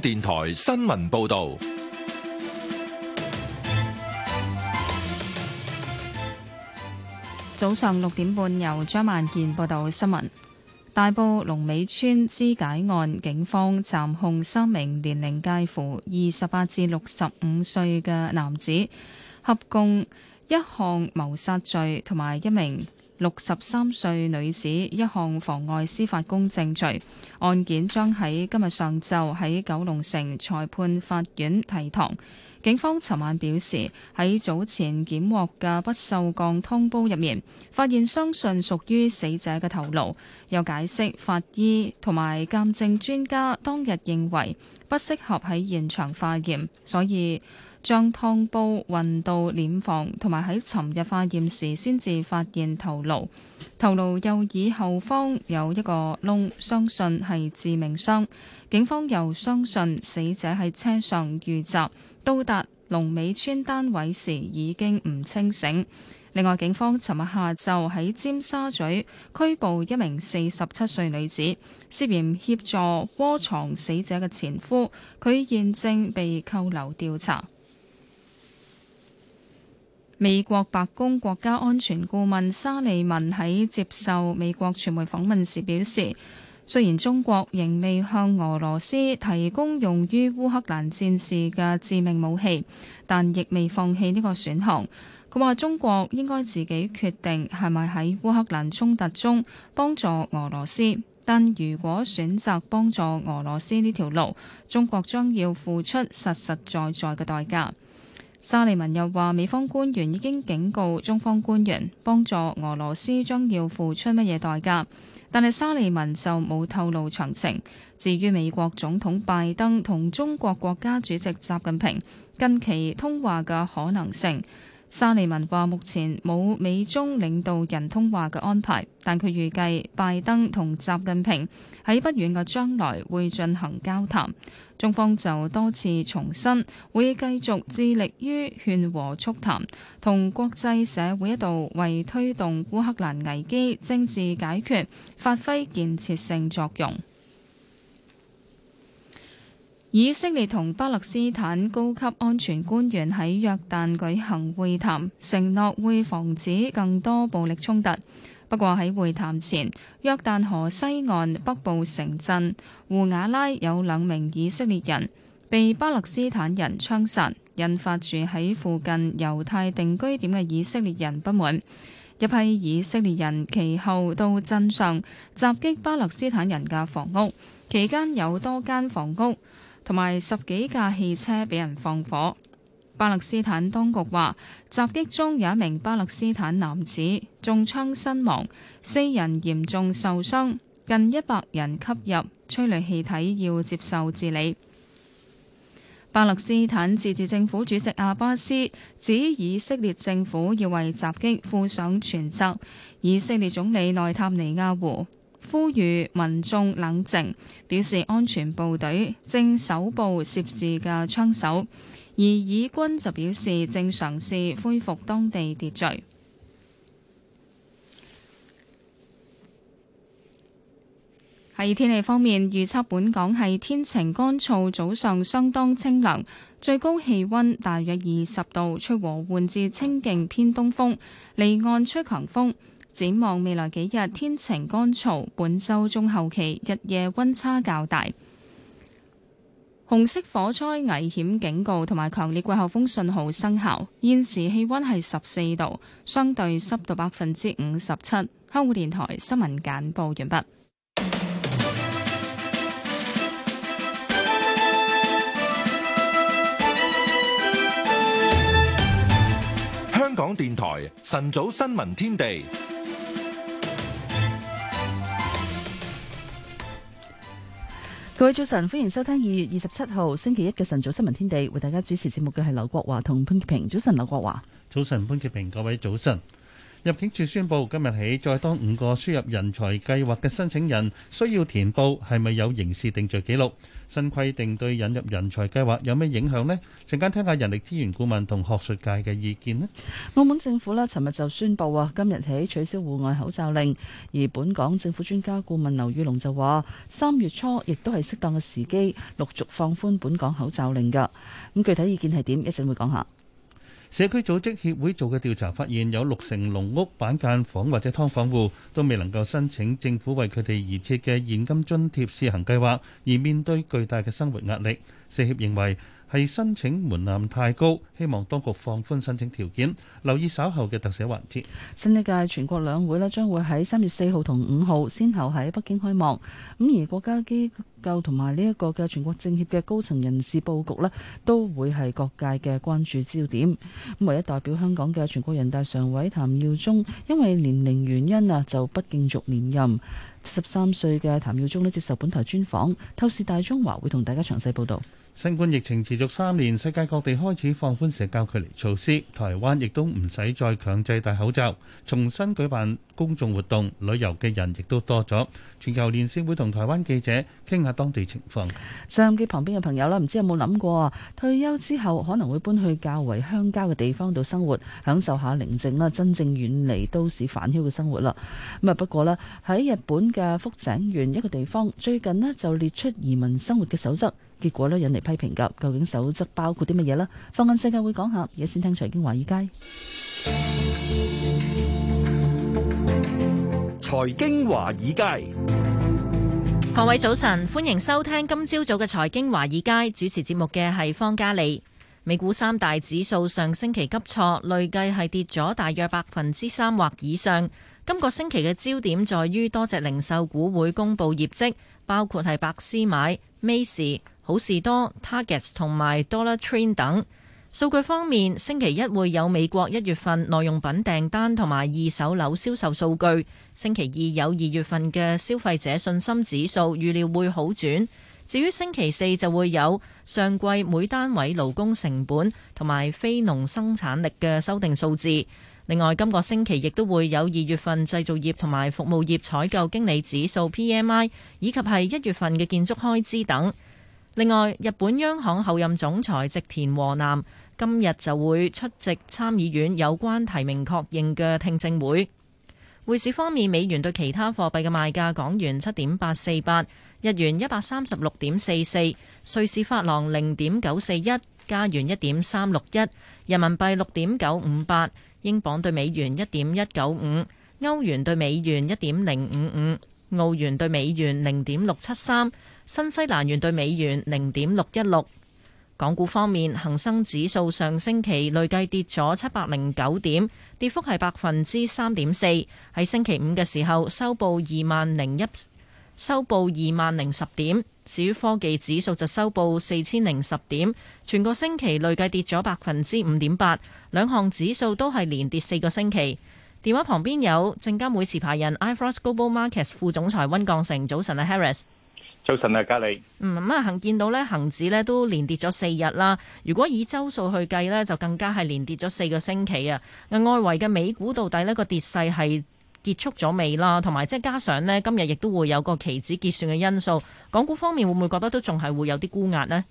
電台新聞報道：早上六點半，由張萬健報道新聞。大埔龍尾村肢解案，警方暫控三名年齡介乎二十八至六十五歲嘅男子，合共一項謀殺罪，同埋一名。六十三歲女子，一項妨礙司法公正罪，案件將喺今日上晝喺九龍城裁判法院提堂。警方尋晚表示，喺早前檢獲嘅不鏽鋼通煲入面，發現相信屬於死者嘅頭顱。又解釋法醫同埋鑑證專家當日認為，不適合喺現場化驗，所以，將湯煲運到殮房，同埋喺尋日化驗時先至發現頭顱頭顱右耳後方有一個窿，相信係致命傷。警方又相信死者喺車上遇襲，到達龍尾村單位時已經唔清醒。另外，警方尋日下晝喺尖沙咀拘捕一名四十七歲女子，涉嫌協助窩藏死者嘅前夫，佢現正被扣留調查。美國白宮國家安全顧問沙利文喺接受美國傳媒訪問時表示，雖然中國仍未向俄羅斯提供用於烏克蘭戰事嘅致命武器，但亦未放棄呢個選項。佢話：中國應該自己決定係咪喺烏克蘭衝突中幫助俄羅斯，但如果選擇幫助俄羅斯呢條路，中國將要付出實實在在嘅代價。沙利文又話：美方官員已經警告中方官員，幫助俄羅斯將要付出乜嘢代價。但係沙利文就冇透露詳情。至於美國總統拜登同中國國家主席習近平近期通話嘅可能性，沙利文話：目前冇美中領導人通話嘅安排，但佢預計拜登同習近平喺不遠嘅將來會進行交談，中方就多次重申會繼續致力於勸和促談，同國際社會一道為推動烏克蘭危機政治解決發揮建設性作用。以色列同巴勒斯坦高級安全官員喺約旦舉行會談，承諾會防止更多暴力衝突。不過喺會談前，約旦河西岸北部城鎮胡瓦拉有兩名以色列人被巴勒斯坦人槍殺，引發住喺附近猶太定居點嘅以色列人不滿。一批以色列人其後到鎮上襲擊巴勒斯坦人嘅房屋，期間有多間房屋同埋十幾架汽車俾人放火。巴勒斯坦當局話，襲擊中有一名巴勒斯坦男子中槍身亡，四人嚴重受傷，近一百人吸入催淚氣體要接受治理。巴勒斯坦自治政府主席阿巴斯指，以色列政府要為襲擊負上全責。以色列總理內塔尼亞胡呼籲民眾冷靜，表示安全部隊正搜捕涉事嘅槍手。而以軍就表示正嘗試恢復當地秩序。喺天氣方面，預測本港係天晴乾燥，早上相當清涼，最高氣温大約二十度，吹和緩至清勁偏東風，離岸吹強風。展望未來幾日天晴乾燥，本週中後期日夜温差較大。紅色火災危險警告同埋強烈季候風信號生效。現時氣溫係十四度，相對濕度百分之五十七。香港電台新聞簡報完畢。香港電台晨早新聞天地。各位早晨，歡迎收聽二月二十七號星期一嘅晨早新聞天地。為大家主持節目嘅係劉國華同潘潔平。早晨，劉國華。早晨，潘潔平。各位早晨。入境處宣佈，今日起再多五個輸入人才計劃嘅申請人需要填報係咪有刑事定罪記錄。新規定對引入人才計劃有咩影響呢？陣間聽下人力資源顧問同學術界嘅意見呢。澳門政府呢，尋日就宣布啊，今日起取消戶外口罩令。而本港政府專家顧問劉宇龍就話，三月初亦都係適當嘅時機，陸續放寬本港口罩令㗎。咁具體意見係點？一陣會講下。社區組織協會做嘅調查發現，有六成籠屋、板間房或者劏房戶都未能夠申請政府為佢哋而設嘅現金津貼試行計劃，而面對巨大嘅生活壓力，社協認為係申請門檻太高，希望當局放寬申請條件。留意稍後嘅特寫環節。新一屆全國兩會咧，將會喺三月四號同五號，先後喺北京開幕。咁而國家機構同埋呢一個嘅全國政協嘅高層人事佈局咧，都會係各界嘅關注焦點。咁唯一代表香港嘅全國人大常委譚耀宗，因為年齡原因啊，就不繼續連任。七十三歲嘅譚耀宗咧，接受本台專訪，透視大中華，會同大家詳細報導。新冠疫情持續三年，世界各地開始放寬社交距離措施，台灣亦都唔使再強制戴口罩，重新舉辦公眾活動，旅遊嘅人亦都多咗。全球連線會同台灣記者傾下當地情況。收音機旁邊嘅朋友啦，唔知有冇諗過啊，退休之後可能會搬去較為鄉郊嘅地方度生活，享受下寧靜啦，真正遠離都市煩囂嘅生活啦。咁啊，不過咧，喺日本嘅福井縣一個地方最近咧，就列出移民生活嘅守則。結果咧引嚟批評噶，究竟守則包括啲乜嘢呢？放眼世界會講下。而家先聽財經華爾街。財經華爾街，各位早晨，歡迎收聽今朝早嘅財經華爾街。主持節目嘅係方嘉利。美股三大指數上星期急挫，累計係跌咗大約百分之三或以上。今個星期嘅焦點在於多隻零售股會公布業績，包括係百思買、美士。好事多、Target 同埋 Dollar Train 等。數據方面，星期一會有美國一月份耐用品訂單同埋二手樓銷售數據。星期二有二月份嘅消費者信心指數，預料會好轉。至於星期四就會有上季每單位勞工成本同埋非農生產力嘅修訂數字。另外，今個星期亦都會有二月份製造業同埋服務業採購經理指數 PMI 以及係一月份嘅建築開支等。另外，日本央行候任總裁植田和男今日就會出席參議院有關提名確認嘅聽證會。匯市方面，美元對其他貨幣嘅賣價：港元七點八四八，日元一百三十六點四四，瑞士法郎零點九四一，加元一點三六一，人民幣六點九五八，英鎊兌美元一點一九五，歐元兌美元一點零五五，澳元兌美元零點六七三。新西蘭元對美元零點六一六。港股方面，恒生指數上星期累計跌咗七百零九點，跌幅係百分之三點四。喺星期五嘅時候收報二萬零一，收報二萬零十點。至於科技指數就收報四千零十點，全個星期累計跌咗百分之五點八。兩項指數都係連跌四個星期。電話旁邊有證監會持牌人 iFAST Global Markets 副總裁溫鋼成。早晨啊，Harris。早晨啊，嘉利、嗯。咁啊，恆見到咧，恆指咧都連跌咗四日啦。如果以周數去計咧，就更加係連跌咗四個星期啊。外圍嘅美股到底呢個跌勢係結束咗未啦？同埋即係加上呢今日亦都會有個期指結算嘅因素。港股方面會唔會覺得都仲係會有啲沽壓呢？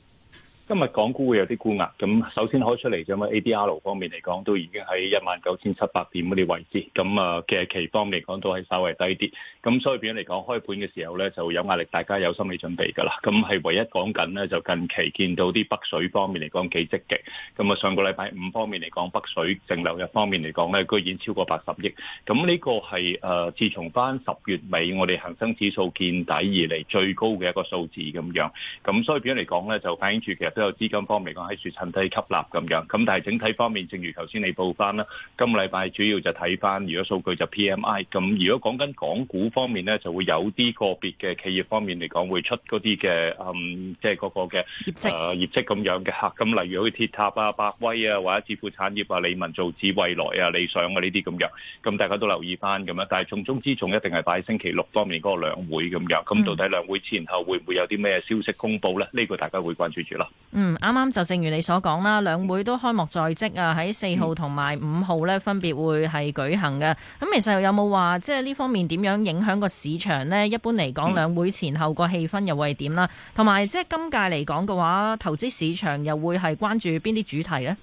今日港股會有啲沽壓，咁首先開出嚟啫嘛。ADR 方面嚟講，都已經喺一萬九千七百點嗰啲位置，咁啊嘅期方面嚟講，都係稍為低啲。咁所以，表嚟講開盤嘅時候咧，就有壓力，大家有心理準備㗎啦。咁係唯一講緊咧，就近期見到啲北水方面嚟講幾積極。咁啊，上個禮拜五方面嚟講，北水淨流入方面嚟講咧，居然超過八十億。咁呢個係誒、呃，自從翻十月尾我哋恒生指數見底以嚟最高嘅一個數字咁樣。咁所以，表嚟講咧，就反映住其實。都有資金方面講喺度趁低吸納咁樣，咁但係整體方面，正如頭先你報翻啦，今個禮拜主要就睇翻，如果數據就 P M I，咁如果講緊港股方面咧，就會有啲個別嘅企業方面嚟講會出嗰啲嘅，嗯，即、就、係、是、個個嘅業績職、呃，業績咁樣嘅嚇。咁例如好似鐵塔啊、百威啊，或者智富產業啊、理文造紙、蔚來啊、理想啊呢啲咁樣，咁大家都留意翻咁啊。但係重中之重一定係喺星期六方面嗰個兩會咁樣，咁到底兩會前後會唔會有啲咩消息公布咧？呢、這個大家會關注住啦。嗯，啱啱就正如你所講啦，兩會都開幕在即啊，喺四號同埋五號呢，分別會係舉行嘅。咁其實有冇話即係呢方面點樣影響個市場呢？一般嚟講，兩會前後個氣氛又會係點啦？同埋即係今屆嚟講嘅話，投資市場又會係關注邊啲主題呢？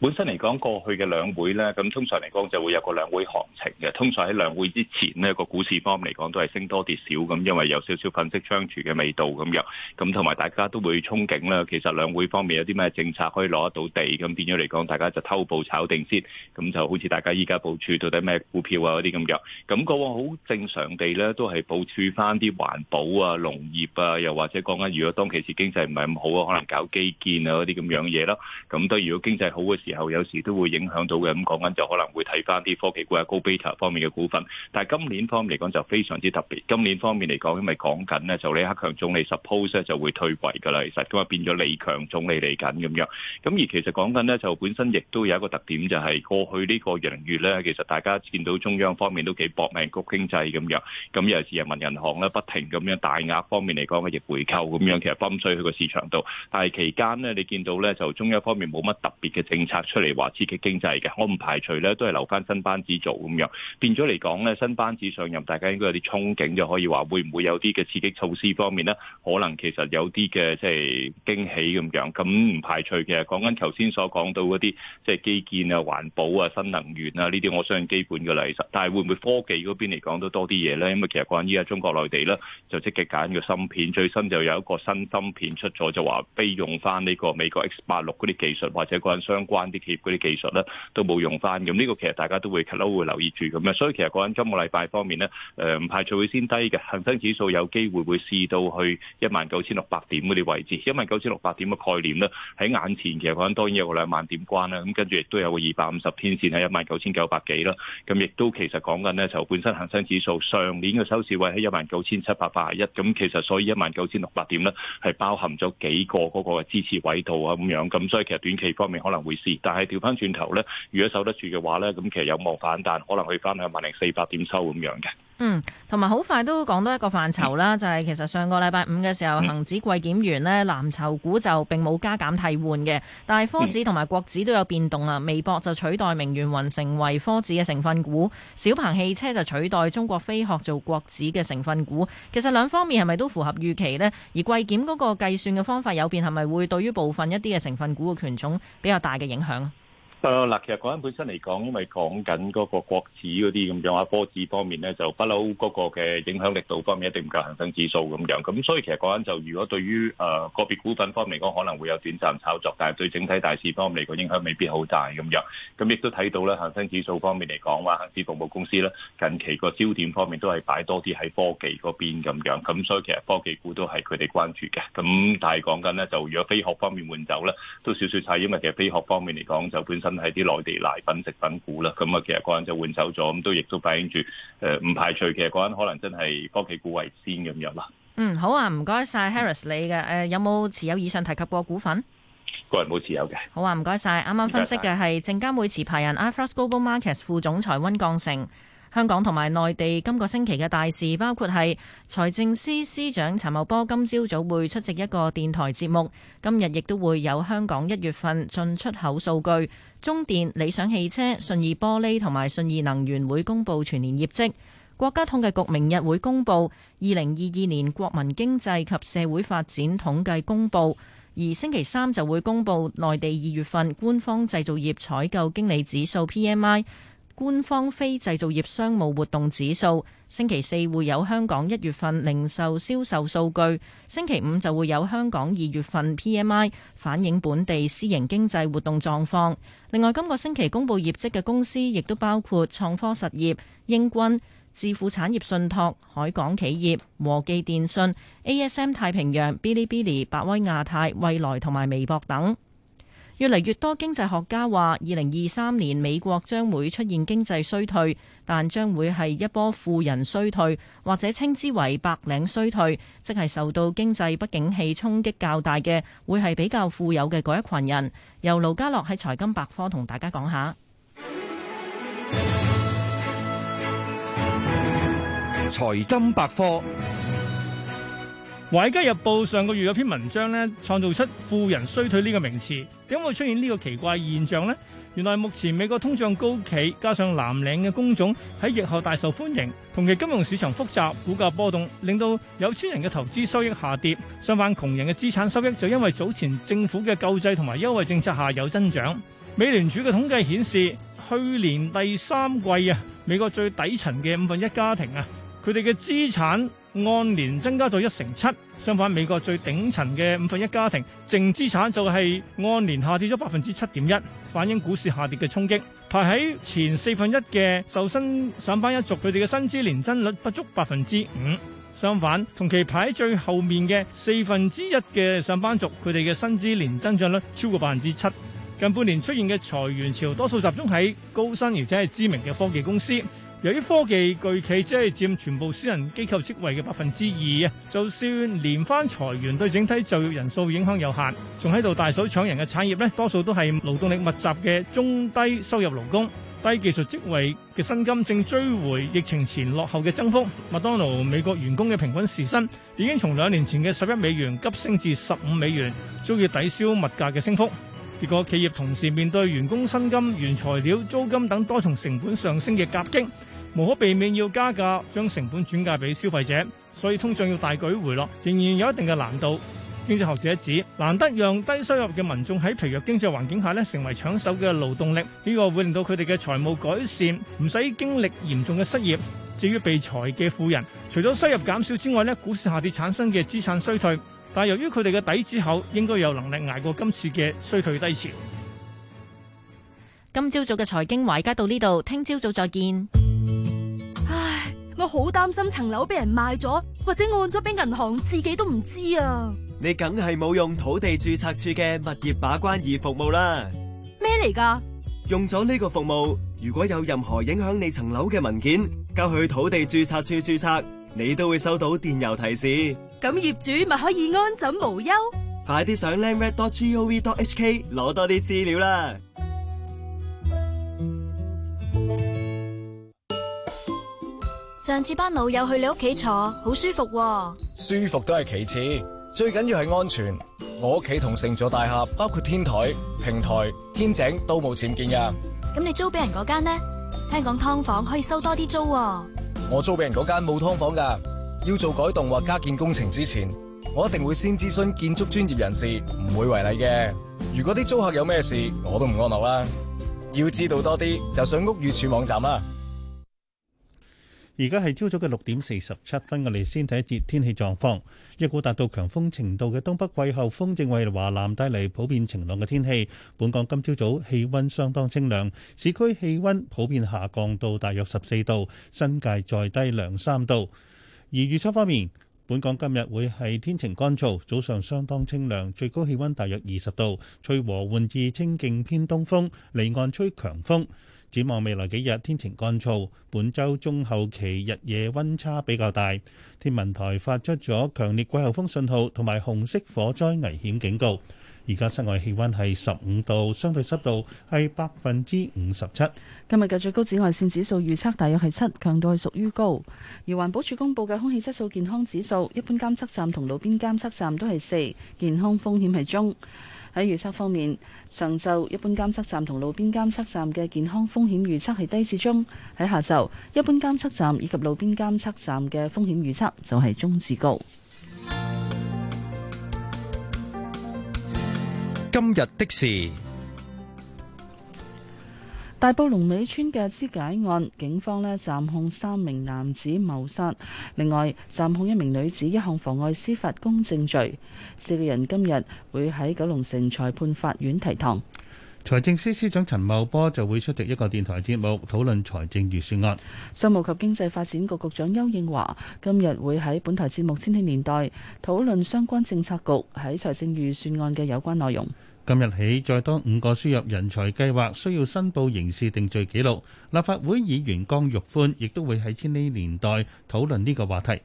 本身嚟講過去嘅兩會呢，咁通常嚟講就會有個兩會行情嘅。通常喺兩會之前呢，個股市方面嚟講都係升多跌少咁，因為有少少粉飾櫥窗嘅味道咁樣。咁同埋大家都會憧憬啦。其實兩會方面有啲咩政策可以攞得到地，咁變咗嚟講，大家就偷步炒定先。咁就好似大家依家部署到底咩股票啊嗰啲咁樣。咁個好正常地呢，都係部署翻啲環保啊、農業啊，又或者講緊如果當其時經濟唔係咁好啊，可能搞基建啊嗰啲咁樣嘢咯。咁都如果經經濟好嘅時候，有時都會影響到嘅。咁講緊就可能會睇翻啲科技股啊、高 beta 方面嘅股份。但係今年方面嚟講就非常之特別。今年方面嚟講，因為講緊呢就李克強總理 suppose 就會退位㗎啦。其實今日變咗李強總理嚟緊咁樣。咁而其實講緊呢，就本身亦都有一個特點，就是，就係過去呢個月，月呢，其實大家見到中央方面都幾搏命谷經濟咁樣。咁有時人民銀行呢不停咁樣大額方面嚟講嘅逆回購咁樣，其實泵水去個市場度。但係期間呢，你見到呢就中央方面冇乜特別。別嘅政策出嚟話刺激經濟嘅，我唔排除咧，都係留翻新班子做咁樣，變咗嚟講咧，新班子上任，大家應該有啲憧憬，就可以話會唔會有啲嘅刺激措施方面咧，可能其實有啲嘅即係驚喜咁樣。咁唔排除嘅，講緊頭先所講到嗰啲即係基建啊、環保啊、新能源啊呢啲，我相信基本嘅啦。其實，但係會唔會科技嗰邊嚟講都多啲嘢咧？因為其實關於喺中國內地咧，就積極揀個芯片，最新就有一個新芯片出咗，就話非用翻呢個美國 X 八六嗰啲技術或者相關啲企業嗰啲技術咧，都冇用翻咁，呢個其實大家都會撻撻會留意住咁啊。所以其實講緊今個禮拜方面咧，誒唔排除會先低嘅，恆生指數有機會會試到去一萬九千六百點嗰啲位置。一萬九千六百點嘅概念咧，喺眼前其實講緊當然有個兩萬點關啦，咁跟住亦都有個二百五十天線喺一萬九千九百幾啦。咁亦都其實講緊咧，就本身恆生指數上年嘅收市位喺一萬九千七百八十一，咁其實所以一萬九千六百點咧係包含咗幾個嗰個支持位度啊咁樣。咁所以其實短期方面，可能會試，但係調返轉頭呢。如果守得住嘅話呢，咁其實有望反彈，可能去返兩萬零四百點收咁樣嘅。嗯，同埋好快都講到一個範疇啦，嗯、就係其實上個禮拜五嘅時候，恒、嗯、指季檢完呢，藍籌股就並冇加減替換嘅，但係科指同埋國指都有變動啊。嗯、微博就取代明源雲成為科指嘅成分股，小鵬汽車就取代中國飛鶴做國指嘅成分股。其實兩方面係咪都符合預期呢？而季檢嗰個計算嘅方法有變，係咪會對於部分一啲嘅成分股嘅權重，有大嘅影響？嗱，其實講緊本身嚟講，因為講緊嗰個國指嗰啲咁樣啊，波子方面咧就不嬲嗰個嘅影響力度方面一定唔夠恒生指數咁樣，咁所以其實講緊就如果對於誒個別股份方面嚟講，可能會有短暫炒作，但係對整體大市方面嚟講影響未必好大咁樣。咁亦都睇到咧恒生指數方面嚟講話，恒指服務公司咧近期個焦點方面都係擺多啲喺科技嗰邊咁樣，咁所以其實科技股都係佢哋關注嘅。咁但係講緊咧，就如果飛學方面換走咧，都少少差，因為其實飛學方面嚟講就本身。係啲內地奶粉食品股啦，咁啊，其實個人就換手咗，咁都亦都反映住，誒，唔排除其實個人可能真係科技股為先咁樣啦。嗯，好啊，唔該晒。Harris 你嘅誒有冇持有以上提及過股份？個人冇持有嘅。好啊，唔該晒。啱啱分析嘅係證監會持牌人 iFirst Global Markets 副總裁温鋼成。香港同埋內地今個星期嘅大事包括係財政司司長陳茂波今朝早會出席一個電台節目，今日亦都會有香港一月份進出口數據，中電、理想汽車、信義玻璃同埋信義能源會公布全年業績，國家統計局明日會公布二零二二年國民經濟及社會發展統計公佈，而星期三就會公布內地二月份官方製造業採購經理指數 PMI。官方非製造業商務活動指數，星期四會有香港一月份零售銷售數據，星期五就會有香港二月份 PMI 反映本地私營經濟活動狀況。另外，今個星期公佈業績嘅公司亦都包括創科實業、英軍、置富產業信託、海港企業、和記電訊、ASM 太平洋、Bilibili、百威亞太、蔚來同埋微博等。越嚟越多經濟學家話，二零二三年美國將會出現經濟衰退，但將會係一波富人衰退，或者稱之為白領衰退，即係受到經濟不景氣衝擊較大嘅，會係比較富有嘅嗰一群人。由盧家樂喺財金百科同大家講下財金百科。《華爾街日報》上個月有篇文章咧，創造出富人衰退呢個名詞。點會出現呢個奇怪現象呢？原來目前美國通脹高企，加上藍領嘅工種喺疫後大受歡迎，同期金融市場複雜、股價波動，令到有錢人嘅投資收益下跌。相反，窮人嘅資產收益就因為早前政府嘅救濟同埋優惠政策下有增長。美聯儲嘅統計顯示，去年第三季啊，美國最底層嘅五分一家庭啊，佢哋嘅資產，按年增加到一成七，相反美國最頂層嘅五分一家庭淨資產就係按年下跌咗百分之七點一，反映股市下跌嘅衝擊。排喺前四分一嘅受薪上班一族，佢哋嘅薪資年增率不足百分之五。相反，同期排喺最後面嘅四分之一嘅上班族，佢哋嘅薪資年增長率超過百分之七。近半年出現嘅裁員潮，多數集中喺高薪而且係知名嘅科技公司。由於科技巨企即係佔全部私人機構職位嘅百分之二啊，就算連番裁員對整體就業人數影響有限，仲喺度大手搶人嘅產業咧，多數都係勞動力密集嘅中低收入勞工、低技術職位嘅薪金正追回疫情前落後嘅增幅。麥當勞美國員工嘅平均時薪已經從兩年前嘅十一美元急升至十五美元，足以抵消物價嘅升幅。結果企業同時面對員工薪金、原材料、租金等多重成本上升嘅夾擊。無可避免要加價，將成本轉嫁俾消費者，所以通脹要大舉回落，仍然有一定嘅難度。經濟學者指，難得讓低收入嘅民眾喺疲弱經濟環境下咧成為搶手嘅勞動力，呢個會令到佢哋嘅財務改善，唔使經歷嚴重嘅失業。至於被裁嘅富人，除咗收入減少之外咧，股市下跌產生嘅資產衰退，但由於佢哋嘅底子厚，應該有能力捱過今次嘅衰退低潮。今朝早嘅財經華爾街到呢度，聽朝早再見。唉，我好擔心層樓俾人賣咗，或者按咗俾銀行，自己都唔知啊！你梗係冇用土地註冊處嘅物業把關易服務啦。咩嚟㗎？用咗呢個服務，如果有任何影響你層樓嘅文件，交去土地註冊處註冊，你都會收到電郵提示。咁業主咪可以安枕無憂。無憂快啲上 landreg.gov.hk 攞多啲資料啦！上次班老友去你屋企坐，好舒服喎。舒服都係其次，最緊要係安全。我屋企同成座大廈包括天台、平台、天井都冇僭建噶。咁你租俾人嗰間呢？聽講劏房可以收多啲租喎。我租俾人嗰間冇劏房噶，要做改動或加建工程之前，我一定會先諮詢建築專業人士，唔會違例嘅。如果啲租客有咩事，我都唔安樂啦。要知道多啲，就上屋宇署網站啦。而家係朝早嘅六點四十七分，我哋先睇一節天氣狀況。一股達到強風程度嘅東北季候風正為華南帶嚟普遍晴朗嘅天氣。本港今朝早氣温相當清涼，市區氣温普遍下降到大約十四度，新界再低兩三度。而預測方面，本港今日會係天晴乾燥，早上相當清涼，最高氣温大約二十度，吹和緩至清勁偏東風，離岸吹強風。展望未來幾日天晴乾燥，本週中後期日夜溫差比較大。天文台發出咗強烈季候風信號同埋紅色火災危險警告，而家室外氣溫係15喺預測方面，上晝一般監測站同路邊監測站嘅健康風險預測係低至中；喺下晝，一般監測站以及路邊監測站嘅風險預測就係中至高。今日的是。大埔龍尾村嘅肢解案，警方呢暫控三名男子謀殺，另外暫控一名女子，一項妨礙司法公正罪。四個人今日會喺九龍城裁判法院提堂。財政司司長陳茂波就會出席一個電台節目，討論財政預算案。商務及經濟發展局局，局長邱應華今日會喺本台節目《千禧年代》討論相關政策局喺財政預算案嘅有關內容。今日起，再多五個輸入人才計劃需要申報刑事定罪記錄。立法會議員江玉歡亦都會喺千禧年代討論呢個話題，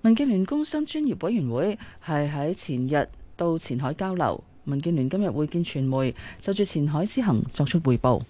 民建聯工商專業委員會係喺前日到前海交流，民建聯今日會見傳媒，就住前海之行作出匯報。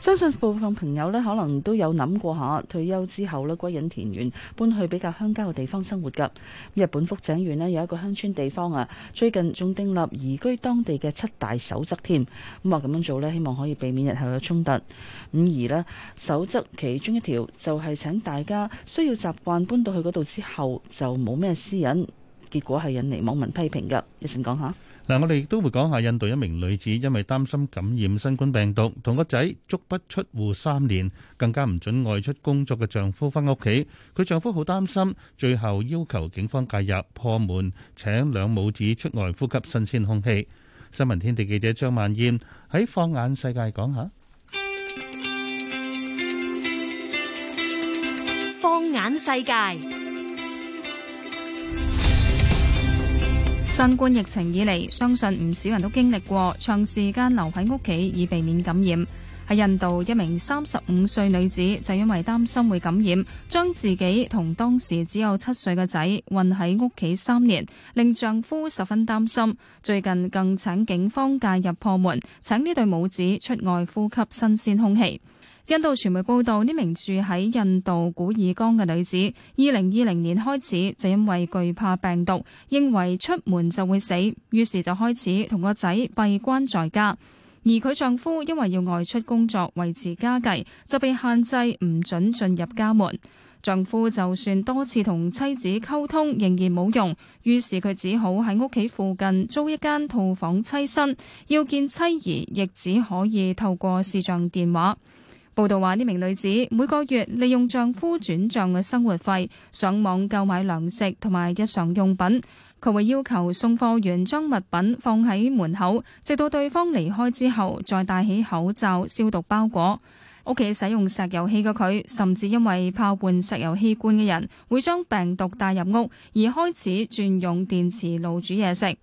相信部分朋友呢，可能都有諗過嚇退休之後呢，歸隱田園，搬去比較鄉郊嘅地方生活。噶日本福井縣呢，有一個鄉村地方啊，最近仲訂立移居當地嘅七大守則添，咁話咁樣做呢，希望可以避免日後嘅衝突。咁而呢守則其中一條就係請大家需要習慣搬到去嗰度之後就冇咩私隱，結果係引嚟網民批評。噶一陣講下。嗱，我哋亦都會講下印度一名女子因為擔心感染新冠病毒，同個仔足不出戶三年，更加唔准外出工作嘅丈夫返屋企。佢丈夫好擔心，最後要求警方介入破門，請兩母子出外呼吸新鮮空氣。新聞天地記者張萬燕喺放眼世界講下，放眼世界。新冠疫情以嚟，相信唔少人都經歷過長時間留喺屋企以避免感染。喺印度，一名三十五歲女子就因為擔心會感染，將自己同當時只有七歲嘅仔困喺屋企三年，令丈夫十分擔心。最近更請警方介入破門，請呢對母子出外呼吸新鮮空氣。印度傳媒報道，呢名住喺印度古爾岡嘅女子，二零二零年開始就因為懼怕病毒，認為出門就會死，於是就開始同個仔閉關在家。而佢丈夫因為要外出工作維持家計，就被限制唔准進入家門。丈夫就算多次同妻子溝通，仍然冇用，於是佢只好喺屋企附近租一間套房棲身，要見妻兒亦只可以透過視像電話。報道話，呢名女子每個月利用丈夫轉賬嘅生活費上網購買糧食同埋日常用品。佢會要求送貨員將物品放喺門口，直到對方離開之後再戴起口罩消毒包裹。屋企使用石油氣嘅佢，甚至因為怕換石油氣罐嘅人會將病毒帶入屋，而開始轉用電磁爐煮嘢食。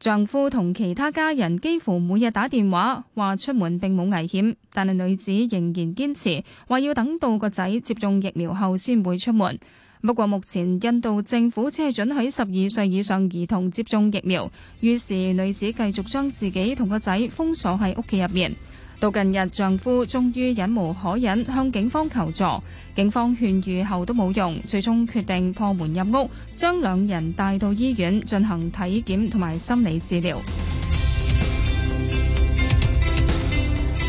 丈夫同其他家人幾乎每日打電話，話出門並冇危險，但係女子仍然堅持話要等到個仔接種疫苗後先會出門。不過目前印度政府只係准許十二歲以上兒童接種疫苗，於是女子繼續將自己同個仔封鎖喺屋企入面。到近日，丈夫終於忍無可忍，向警方求助。警方勸喻後都冇用，最終決定破門入屋，將兩人帶到醫院進行體檢同埋心理治療。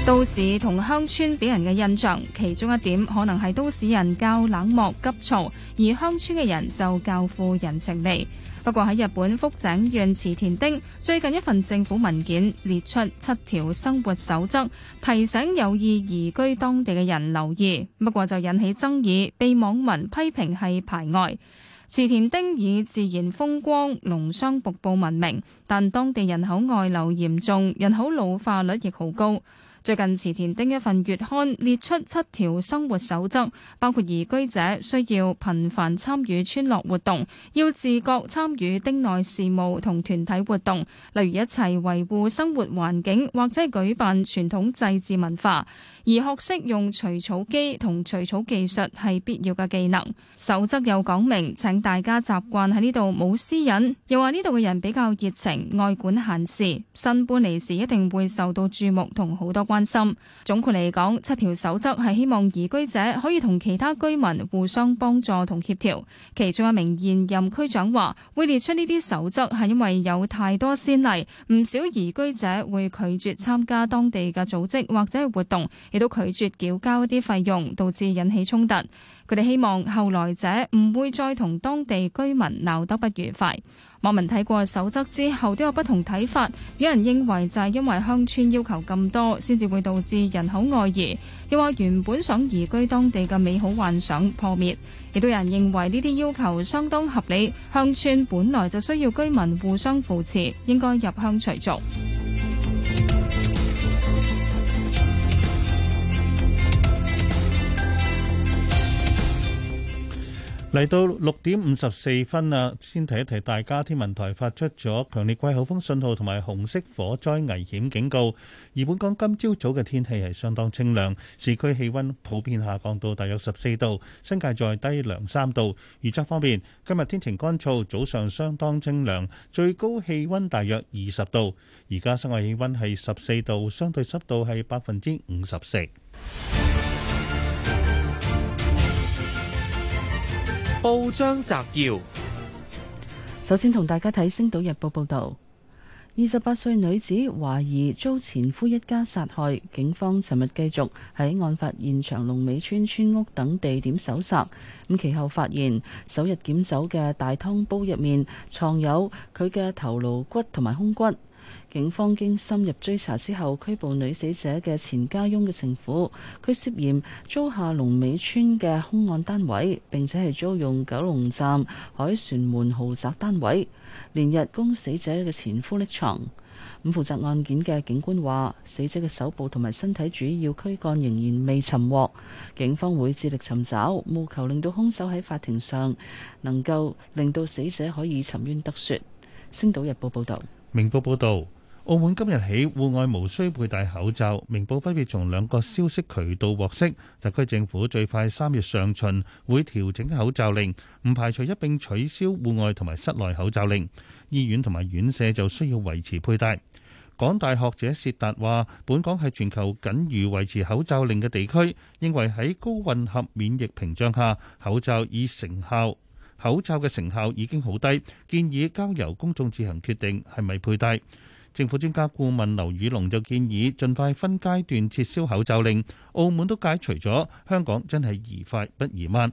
都市 同鄉村俾人嘅印象，其中一點可能係都市人較冷漠急躁，而鄉村嘅人就較富人情味。不過喺日本福井縣池田町，最近一份政府文件列出七條生活守則，提醒有意移居當地嘅人留意。不過就引起爭議，被網民批評係排外。池田町以自然風光、農商瀑布聞名，但當地人口外流嚴重，人口老化率亦好高。最近池田町一份月刊列出七條生活守則，包括移居者需要頻繁參與村落活動，要自覺參與町內事務同團體活動，例如一齊維護生活環境或者舉辦傳統祭祀文化。而學識用除草機同除草技術係必要嘅技能。守則又講明請大家習慣喺呢度冇私隱，又話呢度嘅人比較熱情、愛管閒事。新搬嚟時一定會受到注目同好多關心。總括嚟講，七條守則係希望移居者可以同其他居民互相幫助同協調。其中一名現任區長話，會列出呢啲守則係因為有太多先例，唔少移居者會拒絕參加當地嘅組織或者活動。都拒絕繳交一啲費用，導致引起衝突。佢哋希望後來者唔會再同當地居民鬧得不愉快。網民睇過守則之後，都有不同睇法。有人認為就係因為鄉村要求咁多，先至會導致人口外移，又話原本想移居當地嘅美好幻想破滅。亦都有人認為呢啲要求相當合理，鄉村本來就需要居民互相扶持，應該入鄉隨俗。嚟到六點五十四分啊，先提一提大家，天文台發出咗強烈季候風信號同埋紅色火災危險警告。而本港今朝早嘅天氣係相當清涼，市區氣温普遍下降到大約十四度，新界再低兩三度。預測方面，今日天晴乾燥，早上相當清涼，最高氣温大約二十度。而家室外氣温係十四度，相對濕度係百分之五十四。報章摘要：首先同大家睇《星島日報》報道，二十八歲女子懷疑遭前夫一家殺害，警方尋日繼續喺案發現場龍尾村村屋等地點搜查，咁其後發現首日檢搜嘅大湯煲入面藏有佢嘅頭顱骨同埋胸骨。警方經深入追查之後，拘捕女死者嘅前家翁嘅情婦，佢涉嫌租下龍尾村嘅凶案單位，並且係租用九龍站凱旋門豪宅單位，連日供死者嘅前夫匿藏。咁負責案件嘅警官話：死者嘅手部同埋身體主要軀幹仍然未尋獲，警方會致力尋找，務求令到兇手喺法庭上能夠令到死者可以沉冤得雪。星島日報報道。明報報導。澳門今日起戶外無需佩戴口罩。明報分別從兩個消息渠道獲悉，特區政府最快三月上旬會調整口罩令，唔排除一並取消戶外同埋室內口罩令。醫院同埋院舍就需要維持佩戴。港大學者薛達話，本港係全球僅餘維持口罩令嘅地區，認為喺高混合免疫屏障下，口罩已成效。口罩嘅成效已經好低，建議交由公眾自行決定係咪佩戴。政府專家顧問劉宇龍就建議，盡快分階段撤銷口罩令。澳門都解除咗，香港真係宜快不宜慢。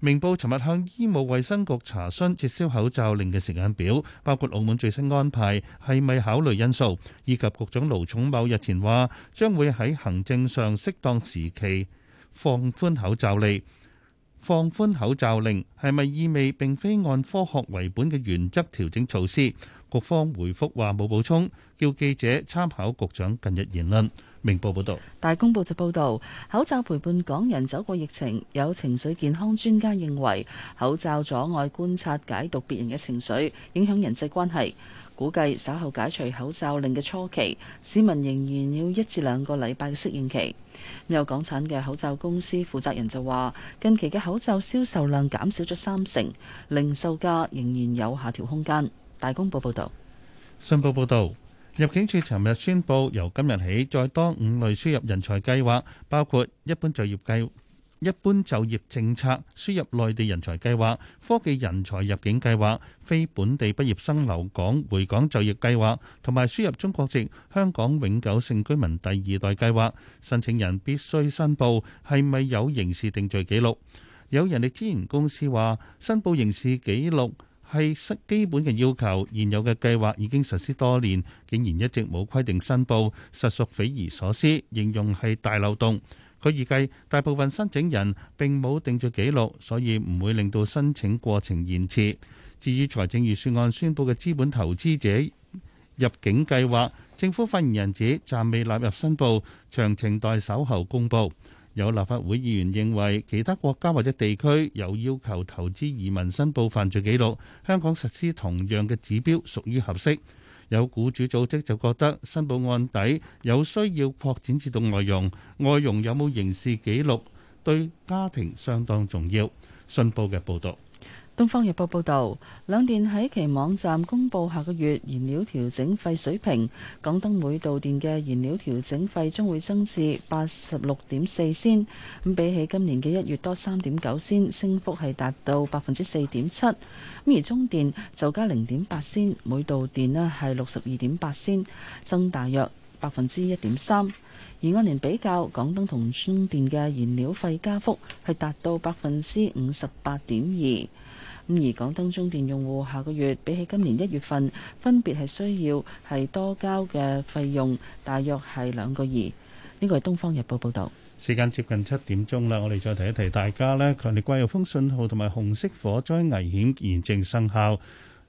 明報尋日向醫務衛生局查詢撤銷口罩令嘅時間表，包括澳門最新安排係咪考慮因素，以及局長盧寵茂日前話將會喺行政上適當時期放寬口罩令。放寬口罩令係咪意味並非按科學為本嘅原則調整措施？局方回覆話冇補充，叫記者參考局長近日言論。明報報道，大公報就報道口罩陪伴港人走過疫情。有情緒健康專家認為口罩阻礙觀察、解讀別人嘅情緒，影響人際關係。估計稍後解除口罩令嘅初期，市民仍然要一至兩個禮拜嘅適應期。有港產嘅口罩公司負責人就話，近期嘅口罩銷售量減少咗三成，零售價仍然有下調空間。大公報報道，信報報道，入境處尋日宣佈，由今日起，再多五類輸入人才計劃，包括一般就業計、一般就業政策、輸入內地人才計劃、科技人才入境計劃、非本地畢業生留港回港就業計劃，同埋輸入中國籍香港永久性居民第二代計劃。申請人必須申報係咪有刑事定罪記錄。有人力資源公司話，申報刑事記錄。係失基本嘅要求，現有嘅計劃已經實施多年，竟然一直冇規定申報，實屬匪夷所思，形容係大漏洞。佢預計大部分申請人並冇定罪記錄，所以唔會令到申請過程延遲。至於財政預算案宣佈嘅資本投資者入境計劃，政府發言人指暫未納入申報，詳情待稍後公布。有立法會議員認為，其他國家或者地區有要求投資移民申報犯罪記錄，香港實施同樣嘅指標屬於合適。有僱主組織就覺得申報案底有需要擴展至到外傭，外傭有冇刑事記錄對家庭相當重要。信報嘅報道。《東方日報》報道，兩電喺其網站公佈下個月燃料調整費水平。港燈每度電嘅燃料調整費將會增至八十六點四仙，咁比起今年嘅一月多三點九仙，升幅係達到百分之四點七。咁而中電就加零點八仙，每度電呢係六十二點八仙，增大約百分之一點三。而按年比較，港燈同中電嘅燃料費加幅係達到百分之五十八點二。咁而港燈中電用戶下個月比起今年一月份，分別係需要係多交嘅費用，大約係兩個二。呢個係《東方日報》報導。時間接近七點鐘啦，我哋再提一提大家咧，強烈季候風信號同埋紅色火災危險現正生效。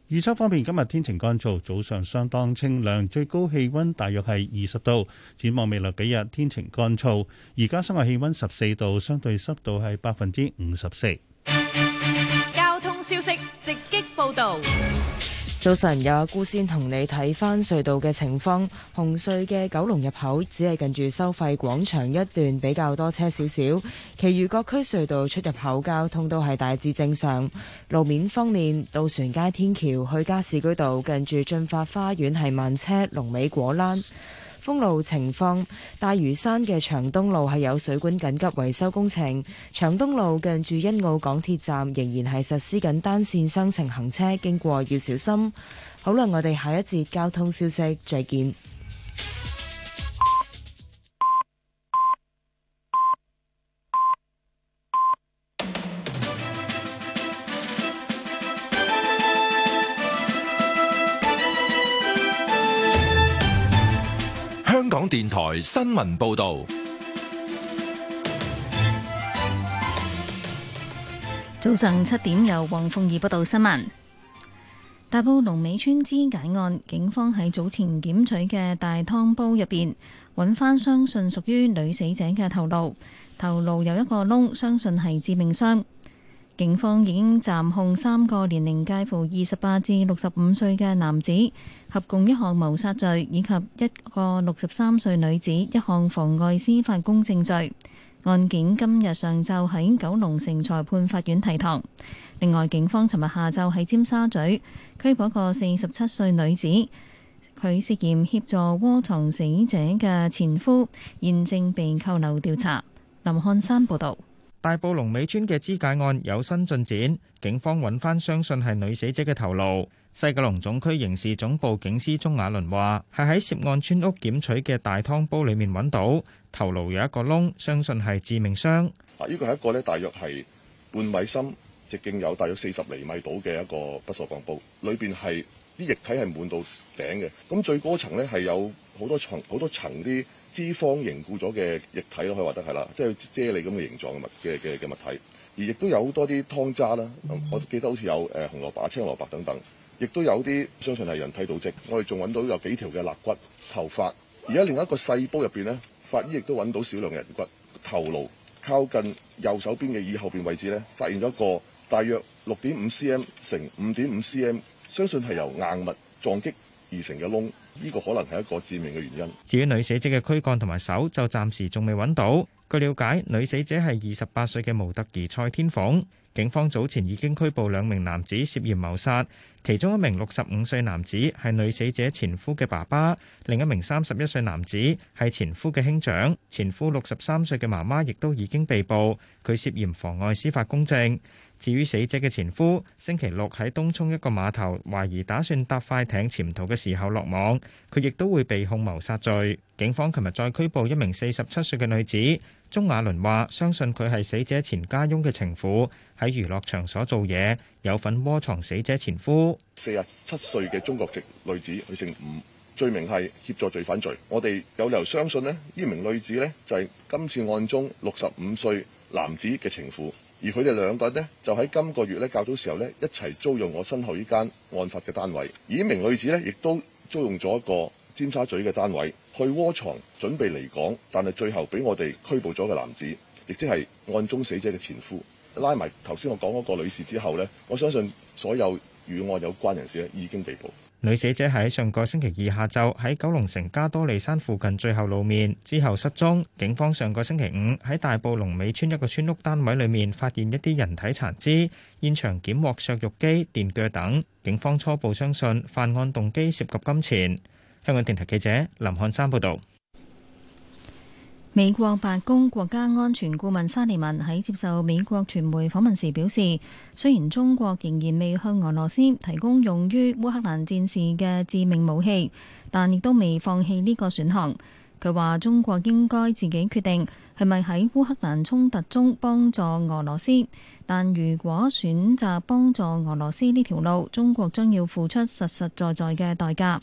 預測方面，今日天晴乾燥，早上相當清涼，最高氣温大約係二十度。展望未來幾日，天晴乾燥。而家室外氣温十四度，相對濕度係百分之五十四。消息直擊報道。早晨，有阿姑先同你睇返隧道嘅情況。紅隧嘅九龍入口只係近住收費廣場一段比較多車少少，其餘各區隧道出入口交通都係大致正常。路面方面，渡船街天橋去加士居道近住駿發花園係慢車，龍尾果欄。封路情況，大嶼山嘅長東路係有水管緊急維修工程。長東路近住欣澳港鐵站仍然係實施緊單線雙程行車，經過要小心。好啦，我哋下一節交通消息再見。香港電台新聞報道，早上七點由黃鳳儀報道新聞。大埔龍尾村肢解案，警方喺早前檢取嘅大湯煲入邊，揾翻，相信屬於女死者嘅頭顱，頭顱有一個窿，相信係致命傷。警方已經暫控三個年齡介乎二十八至六十五歲嘅男子，合共一項謀殺罪，以及一個六十三歲女子一項妨礙司法公正罪。案件今日上晝喺九龍城裁判法院提堂。另外，警方尋日下晝喺尖沙咀拘捕一個四十七歲女子，佢涉嫌協助窩藏死者嘅前夫，現正被扣留調查。林漢山報導。大埔龍尾村嘅肢解案有新進展，警方揾翻相信係女死者嘅頭顱。西九龍總區刑事總部警司鍾雅倫話，係喺涉案村屋檢取嘅大湯煲裏面揾到頭顱有一個窿，相信係致命傷。啊，呢個係一個呢，大約係半米深，直徑有大約四十厘米到嘅一個不銹鋼煲，裏邊係啲液體係滿到頂嘅，咁最高層呢係有好多層好多層啲。脂肪凝固咗嘅液體咯，可以話得係啦，即係啫喱咁嘅形狀嘅物嘅嘅嘅物體，而亦都有好多啲湯渣啦。我都記得好似有誒紅蘿蔔、青蘿蔔等等，亦都有啲相信係人體組織。我哋仲揾到有幾條嘅肋骨、頭髮，而家另一個細煲入邊呢，法醫亦都揾到少量嘅人骨頭顱，靠近右手邊嘅耳後邊位置呢，發現咗一個大約六點五 cm 乘五點五 cm，相信係由硬物撞擊而成嘅窿。呢個可能係一個致命嘅原因。至於女死者嘅軀幹同埋手，就暫時仲未揾到。據了解，女死者係二十八歲嘅模特兒蔡天鳳。警方早前已經拘捕兩名男子涉嫌謀殺，其中一名六十五歲男子係女死者前夫嘅爸爸，另一名三十一歲男子係前夫嘅兄長。前夫六十三歲嘅媽媽亦都已經被捕，佢涉嫌妨礙司法公正。至於死者嘅前夫，星期六喺東涌一個碼頭，懷疑打算搭快艇潛逃嘅時候落網，佢亦都會被控謀殺罪。警方琴日再拘捕一名四十七歲嘅女子。鍾雅倫話：相信佢係死者前家翁嘅情婦，喺娛樂場所做嘢，有份窩藏死者前夫。四十七歲嘅中國籍女子，佢姓吳，罪名係協助罪犯罪。我哋有理由相信呢，呢名女子呢，就係今次案中六十五歲男子嘅情婦。而佢哋兩個人呢，就喺今個月咧，較早時候咧，一齊租用我身後呢間案發嘅單位。而呢名女子咧，亦都租用咗一個尖沙咀嘅單位去窩藏，準備離港，但係最後俾我哋拘捕咗個男子，亦即係案中死者嘅前夫。拉埋頭先我講嗰個女士之後咧，我相信所有與案有關人士咧，已經被捕。女死者喺上個星期二下晝喺九龍城加多利山附近最後露面，之後失蹤。警方上個星期五喺大埔龍尾村一個村屋單位裏面發現一啲人體殘肢，現場檢獲削、削肉機、電鋸等。警方初步相信犯案動機涉及金錢。香港電台記者林漢山報道。美國白宮國家安全顧問沙利文喺接受美國傳媒訪問時表示，雖然中國仍然未向俄羅斯提供用於烏克蘭戰事嘅致命武器，但亦都未放棄呢個選項。佢話中國應該自己決定係咪喺烏克蘭衝突中幫助俄羅斯，但如果選擇幫助俄羅斯呢條路，中國將要付出實實在在嘅代價。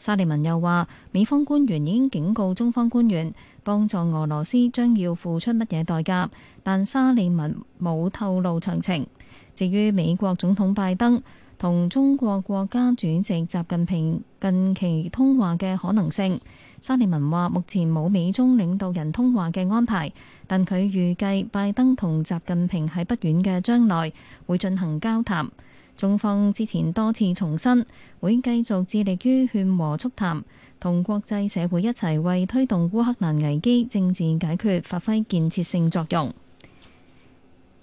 沙利文又話，美方官員已經警告中方官員。幫助俄羅斯將要付出乜嘢代價，但沙利文冇透露詳情。至於美國總統拜登同中國國家主席習近平近期通話嘅可能性，沙利文話目前冇美中領導人通話嘅安排，但佢預計拜登同習近平喺不遠嘅將來會進行交談。中方之前多次重申會繼續致力於勸和促談。同國際社會一齊為推動烏克蘭危機政治解決發揮建設性作用。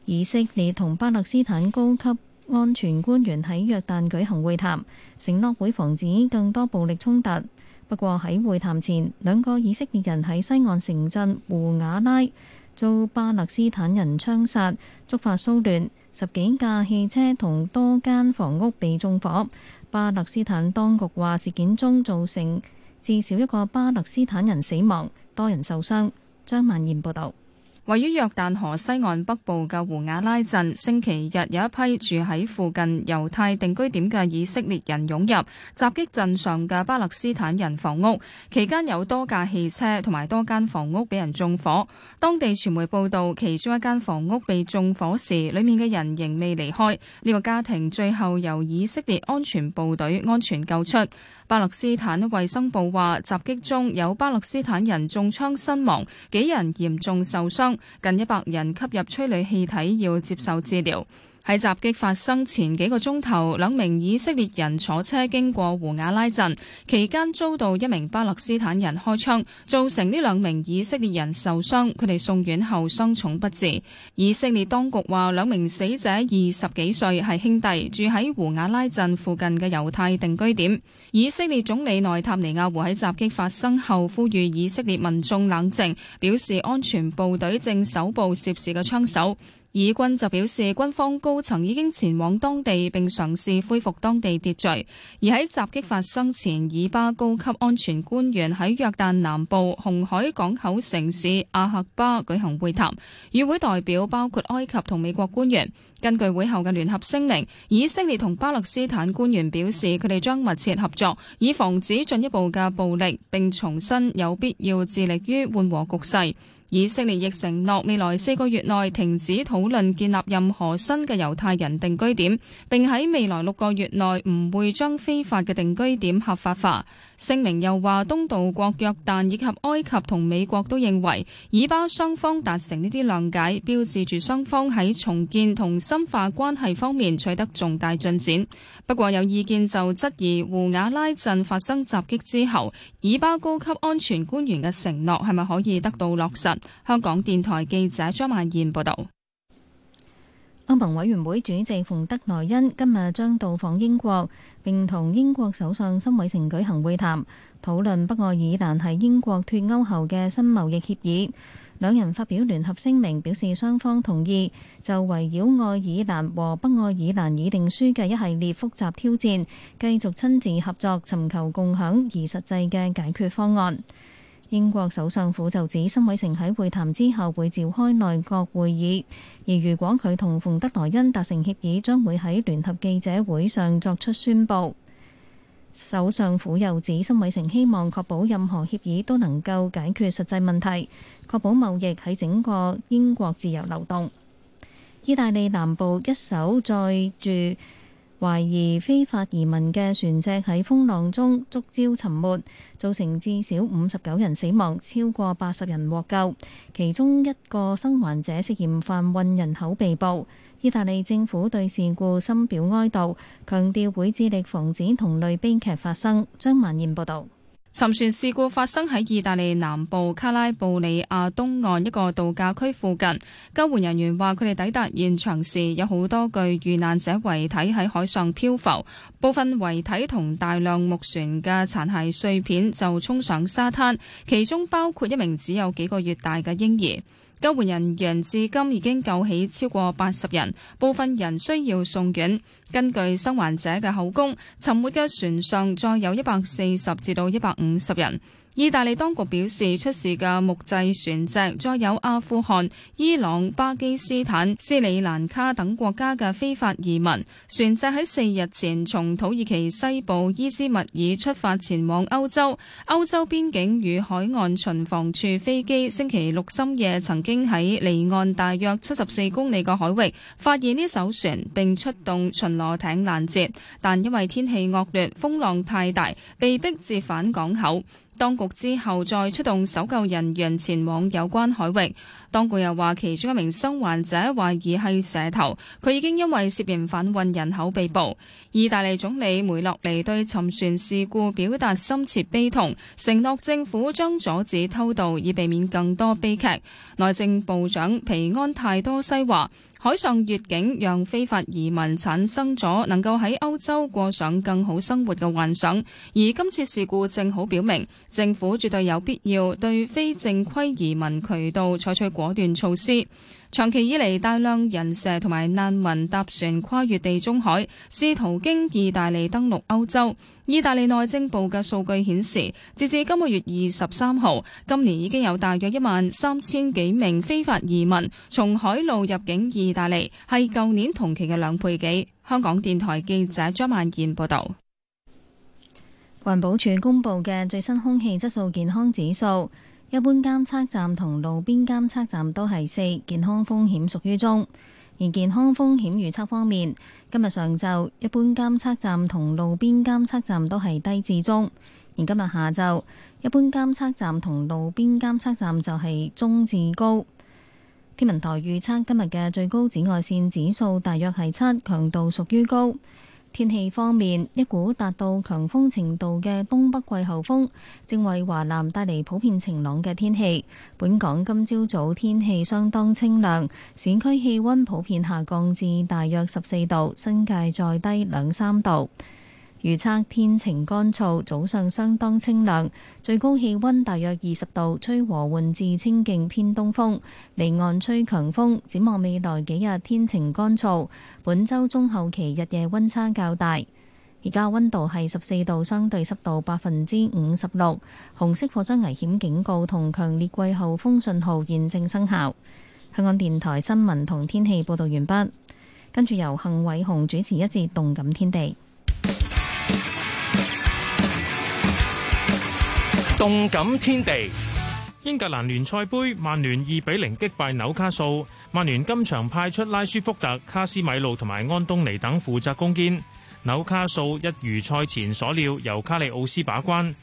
以色列同巴勒斯坦高級安全官員喺約旦舉行會談，承諾會防止更多暴力衝突。不過喺會談前，兩個以色列人喺西岸城鎮胡瓦拉遭巴勒斯坦人槍殺，觸發騷亂，十幾架汽車同多間房屋被縱火。巴勒斯坦當局話事件中造成至少一個巴勒斯坦人死亡，多人受傷。張曼燕報導，位於約旦河西岸北部嘅胡瓦拉鎮，星期日有一批住喺附近猶太定居點嘅以色列人湧入，襲擊鎮上嘅巴勒斯坦人房屋。期間有多架汽車同埋多間房屋俾人縱火。當地傳媒報導，其中一間房屋被縱火時，裡面嘅人仍未離開。呢、這個家庭最後由以色列安全部隊安全救出。巴勒斯坦衞生部話，襲擊中有巴勒斯坦人中槍身亡，幾人嚴重受傷，近一百人吸入催淚氣體，要接受治療。喺襲擊發生前幾個鐘頭，兩名以色列人坐車經過胡雅拉鎮期間，遭到一名巴勒斯坦人開槍，造成呢兩名以色列人受傷。佢哋送院後傷重不治。以色列當局話，兩名死者二十幾歲，係兄弟，住喺胡雅拉鎮附近嘅猶太定居點。以色列總理內塔尼亞胡喺襲擊發生後呼籲以色列民眾冷靜，表示安全部隊正搜捕涉事嘅槍手。以軍就表示，軍方高層已經前往當地並嘗試恢復當地秩序。而喺襲擊發生前，以巴高級安全官員喺約旦南部紅海港口城市阿克巴舉行會談，與會代表包括埃及同美國官員。根據會後嘅聯合聲明，以色列同巴勒斯坦官員表示，佢哋將密切合作，以防止進一步嘅暴力，並重申有必要致力於緩和局勢。以色列亦承諾未來四個月內停止討論建立任何新嘅猶太人定居點，並喺未來六個月內唔會將非法嘅定居點合法化。聲明又話，東道國約旦以及埃及同美國都認為，以巴雙方達成呢啲諒解，標誌住雙方喺重建同深化關係方面取得重大進展。不過有意見就質疑胡瓦拉鎮發生襲擊之後，以巴高級安全官員嘅承諾係咪可以得到落實？香港電台記者張曼燕報道，歐盟委員會主席馮德萊恩今日將到訪英國，並同英國首相辛偉誠舉行會談，討論北愛爾蘭係英國脫歐後嘅新貿易協議。兩人發表聯合聲明，表示雙方同意就圍繞愛爾蘭和北愛爾蘭議定書嘅一系列複雜挑戰，繼續親自合作，尋求共享而實際嘅解決方案。英國首相府就指，辛偉誠喺會談之後會召開內閣會議，而如果佢同馮德萊恩達成協議，將會喺聯合記者會上作出宣佈。首相府又指，辛偉誠希望確保任何協議都能夠解決實際問題，確保貿易喺整個英國自由流動。意大利南部一艘載著懷疑非法移民嘅船隻喺風浪中觸礁沉沒，造成至少五十九人死亡，超過八十人獲救。其中一個生還者涉嫌販運人口被捕。意大利政府對事故深表哀悼，強調會致力防止同類悲劇發生。張萬燕報道。沉船事故發生喺意大利南部卡拉布里亞東岸一個度假區附近。救援人員話，佢哋抵達現場時，有好多具遇難者遺體喺海上漂浮，部分遺體同大量木船嘅殘骸碎片就沖上沙灘，其中包括一名只有幾個月大嘅嬰兒。救援人員至今已經救起超過八十人，部分人需要送院。根據生還者嘅口供，沉沒嘅船上再有一百四十至到一百五十人。意大利當局表示，出事嘅木製船隻載有阿富汗、伊朗、巴基斯坦、斯里蘭卡等國家嘅非法移民。船隻喺四日前從土耳其西部伊茲密爾出發，前往歐洲。歐洲邊境與海岸巡防處飛機星期六深夜曾經喺離岸大約七十四公里嘅海域發現呢艘船，並出動巡邏艇攔截，但因為天氣惡劣，風浪太大，被逼折返港口。當局之後再出動搜救人員前往有關海域。當局又話，其中一名生還者懷疑係蛇頭，佢已經因為涉嫌販運人口被捕。意大利總理梅洛尼對沉船事故表達深切悲痛，承諾政府將阻止偷渡，以避免更多悲劇。內政部長皮安泰多西話：海上越境讓非法移民產生咗能夠喺歐洲過上更好生活嘅幻想，而今次事故正好表明政府絕對有必要對非正規移民渠道採取果斷措施。長期以嚟，大量人蛇同埋難民搭船跨越地中海，試圖經意大利登陸歐洲。意大利內政部嘅數據顯示，截至今個月二十三號，今年已經有大約一萬三千幾名非法移民從海路入境意大利，係舊年同期嘅兩倍幾。香港電台記者張萬燕報導。環保署公布嘅最新空氣質素健康指數。一般監測站同路邊監測站都係四，健康風險屬於中。而健康風險預測方面，今日上晝一般監測站同路邊監測站都係低至中。而今日下晝一般監測站同路邊監測站就係中至高。天文台預測今日嘅最高紫外線指數大約係七，強度屬於高。天氣方面，一股達到強風程度嘅東北季候風正為華南帶嚟普遍晴朗嘅天氣。本港今朝早，早天氣相當清涼，市區氣温普遍下降至大約十四度，新界再低兩三度。預測天晴乾燥，早上相當清涼，最高氣溫大約二十度，吹和緩至清勁偏東風。離岸吹強風，展望未來幾日天晴乾燥。本周中後期日夜溫差較大。而家溫度係十四度，相對濕度百分之五十六。紅色火災危險警告同強烈季候風信號現正生效。香港電台新聞同天氣報道完畢，跟住由幸偉雄主持一節動感天地。動感天地，英格蘭聯賽盃，曼聯二比零擊敗紐卡素。曼聯今場派出拉舒福特、卡斯米魯同埋安東尼等負責攻堅。紐卡素一如賽前所料，由卡利奧斯把關。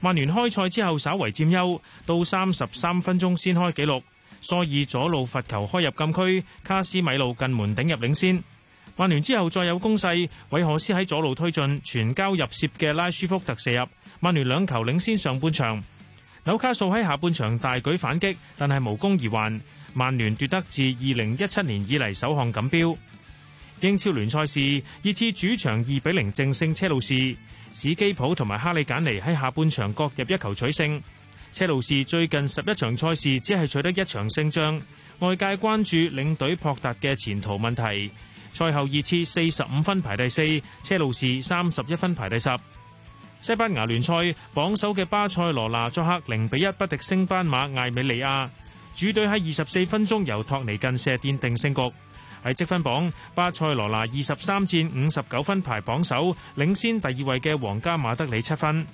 曼聯開賽之後稍為佔優，到三十三分鐘先開紀錄，所以左路罰球開入禁區，卡斯米魯近門頂入領先。曼聯之後再有攻勢，韋可斯喺左路推進，全交入攝嘅拉舒福特射入。曼聯兩球領先上半場。紐卡素喺下半場大舉反擊，但係無功而還。曼聯奪得自二零一七年以嚟首項錦標。英超聯賽事，熱刺主場二比零正勝車路士，史基普同埋哈利簡尼喺下半場各入一球取勝。車路士最近十一場賽事只係取得一場勝仗，外界關注領隊博達嘅前途問題。賽後熱刺四十五分排第四，車路士三十一分排第十。西班牙聯賽榜首嘅巴塞羅那作客零比一不敵升班馬艾美利亞，主隊喺二十四分鐘由托尼近射奠定勝局。喺積分榜，巴塞羅那二十三戰五十九分排榜首，領先第二位嘅皇家馬德里七分。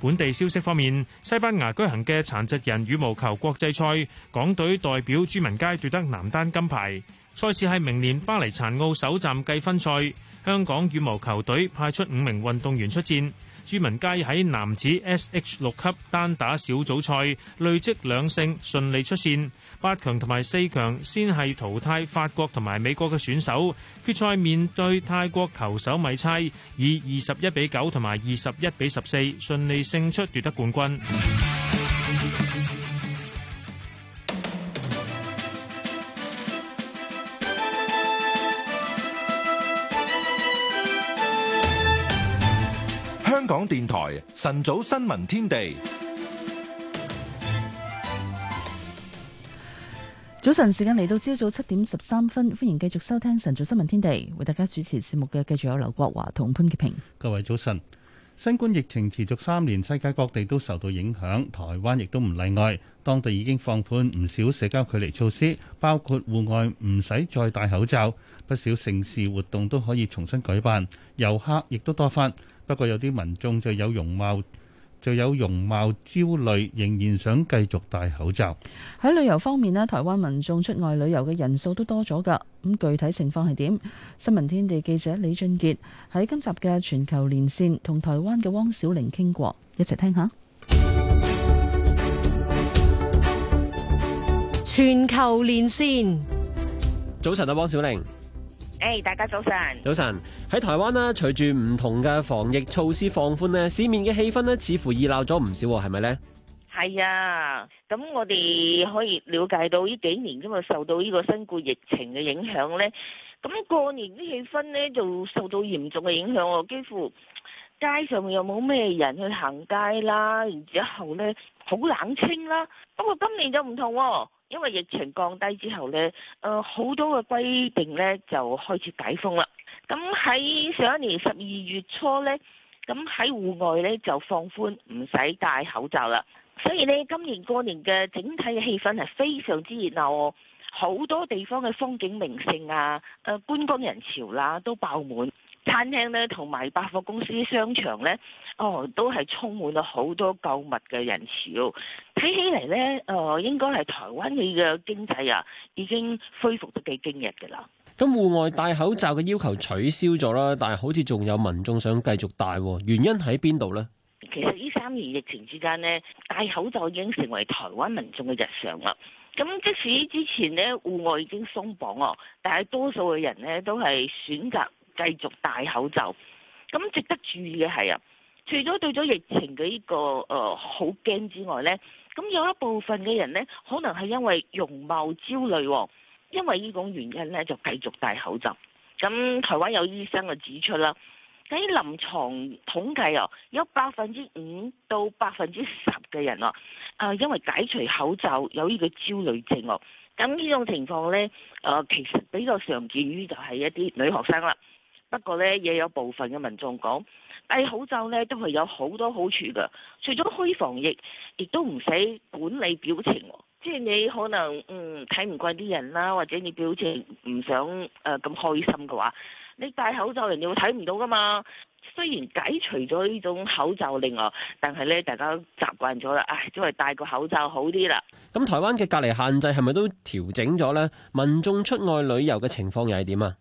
本地消息方面，西班牙舉行嘅殘疾人羽毛球國際賽，港隊代表朱文佳奪得男單金牌。賽事係明年巴黎殘奧首站計分賽，香港羽毛球隊派出五名運動員出戰。朱文佳喺男子 SH 六級單打小組賽累積兩勝，順利出線八強同埋四強，先係淘汰法國同埋美國嘅選手，決賽面對泰國球手米猜，以二十一比九同埋二十一比十四，順利勝出奪得冠軍。港電台晨早新聞天地，早晨時間嚟到，朝早七點十三分，歡迎繼續收聽晨早新聞天地，為大家主持節目嘅繼續有劉國華同潘潔平。各位早晨，新冠疫情持續三年，世界各地都受到影響，台灣亦都唔例外。當地已經放寬唔少社交距離措施，包括戶外唔使再戴口罩，不少城市活動都可以重新舉辦，遊客亦都多返。不過有啲民眾就有容貌就有容貌焦慮，仍然想繼續戴口罩。喺旅遊方面呢，台灣民眾出外旅遊嘅人數都多咗噶咁具體情況係點？新聞天地記者李俊杰喺今集嘅全球連線同台灣嘅汪小玲傾過，一齊聽下。全球連線，連線早晨啊，汪小玲。誒，hey，大家早晨！早晨！喺台灣啦，隨住唔同嘅防疫措施放寬咧，市面嘅氣氛咧似乎熱鬧咗唔少，係咪呢？係啊，咁我哋可以了解到呢幾年咁啊，受到呢個新冠疫情嘅影響呢，咁過年啲氣氛呢就受到嚴重嘅影響，幾乎街上面又冇咩人去行街啦，然之後咧好冷清啦。不過今年就唔同啊。因為疫情降低之後咧，誒、呃、好多嘅規定咧就開始解封啦。咁喺上一年十二月初咧，咁喺戶外咧就放寬唔使戴口罩啦。所以呢，今年過年嘅整體嘅氣氛係非常之熱鬧，好多地方嘅風景名勝啊、誒、呃、觀光人潮啦、啊、都爆滿。餐廳咧，同埋百貨公司、商場咧，哦，都係充滿咗好多購物嘅人潮。睇起嚟咧，誒、呃，應該係台灣嘅經濟啊，已經恢復得幾驚人嘅啦。咁戶外戴口罩嘅要求取消咗啦，但係好似仲有民眾想繼續戴，原因喺邊度咧？其實呢三年疫情之間咧，戴口罩已經成為台灣民眾嘅日常啦。咁即使之前咧戶外已經鬆綁哦，但係多數嘅人咧都係選擇繼續戴口罩。咁值得注意嘅係啊，除咗對咗疫情嘅呢、這個誒好驚之外呢，咁有一部分嘅人呢，可能係因為容貌焦慮，因為呢種原因呢，就繼續戴口罩。咁台灣有醫生就指出啦，喺臨床統計啊，有百分之五到百分之十嘅人啊，啊、呃、因為解除口罩有呢個焦慮症哦。咁呢種情況呢，誒、呃、其實比較常見於就係一啲女學生啦。不過咧，也有部分嘅民眾講戴口罩咧都係有好多好處㗎，除咗可以防疫，亦都唔使管理表情。即係你可能嗯睇唔慣啲人啦，或者你表情唔想誒咁、呃、開心嘅話，你戴口罩人哋會睇唔到㗎嘛。雖然解除咗呢種口罩令喎，但係咧大家都習慣咗啦，唉，因為戴個口罩好啲啦。咁台灣嘅隔離限制係咪都調整咗咧？民眾出外旅遊嘅情況又係點啊？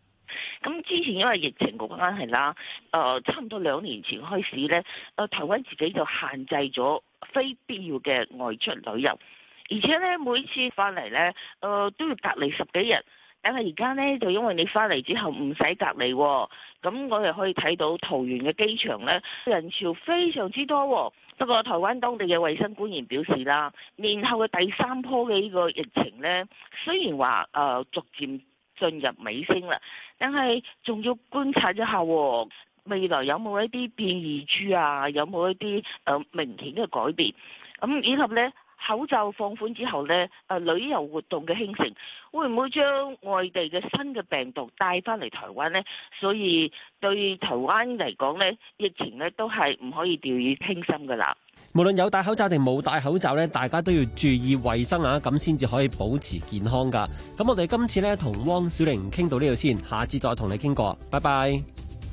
咁之前因為疫情嗰個關係啦，誒、呃、差唔多兩年前開始咧，誒、呃、台灣自己就限制咗非必要嘅外出旅遊，而且咧每次翻嚟咧，誒、呃、都要隔離十幾日。但係而家咧就因為你翻嚟之後唔使隔離、哦，咁我哋可以睇到桃園嘅機場咧人潮非常之多、哦。不過台灣當地嘅衛生官員表示啦，年後嘅第三波嘅呢個疫情咧，雖然話誒、呃、逐漸進入尾聲啦，但係仲要觀察一下、啊，未來有冇一啲變異株啊，有冇一啲誒、呃、明顯嘅改變？咁、嗯、以及呢，口罩放寬之後呢，誒、呃、旅遊活動嘅興盛，會唔會將外地嘅新嘅病毒帶翻嚟台灣呢？所以對台灣嚟講呢，疫情呢都係唔可以掉以輕心噶啦。無論有戴口罩定冇戴口罩咧，大家都要注意衛生啊，咁先至可以保持健康噶。咁我哋今次呢，同汪小玲傾到呢度先，下次再同你傾過。拜拜，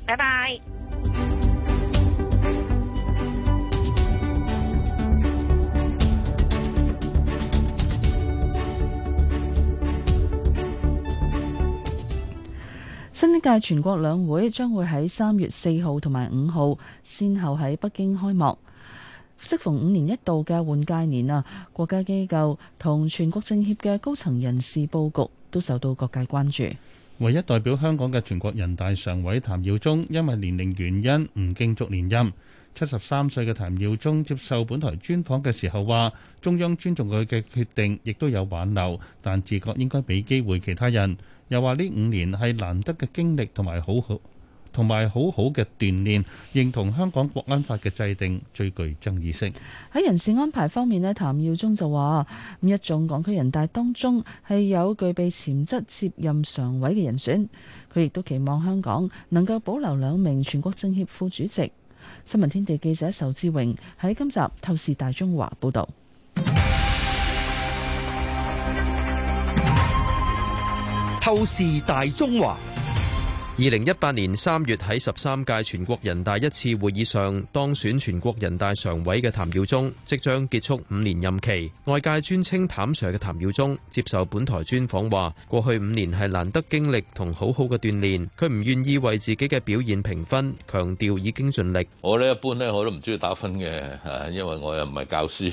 拜拜。新一屆全國兩會將會喺三月四號同埋五號先後喺北京開幕。適逢五年一度嘅換屆年啊，國家機構同全國政協嘅高層人事布局都受到各界關注。唯一代表香港嘅全國人大常委譚耀宗因為年齡原因唔繼續連任。七十三歲嘅譚耀宗接受本台專訪嘅時候話，中央尊重佢嘅決定，亦都有挽留，但自覺應該俾機會其他人。又話呢五年係難得嘅經歷同埋好好。同埋好好嘅鍛鍊，認同香港國安法嘅制定最具爭議性。喺人事安排方面呢，譚耀宗就話：五一眾港區人大當中係有具備潛質接任常委嘅人選。佢亦都期望香港能夠保留兩名全國政協副主席。新聞天地記者仇志榮喺今集透視大中華報導。透視大中華。二零一八年三月喺十三屆全國人大一次會議上當選全國人大常委嘅譚耀宗即將結束五年任期。外界尊稱譚 Sir 嘅譚耀宗接受本台專訪話：過去五年係難得經歷同好好嘅鍛煉。佢唔願意為自己嘅表現評分，強調已經盡力。我呢一般呢我都唔中意打分嘅，因為我又唔係教師。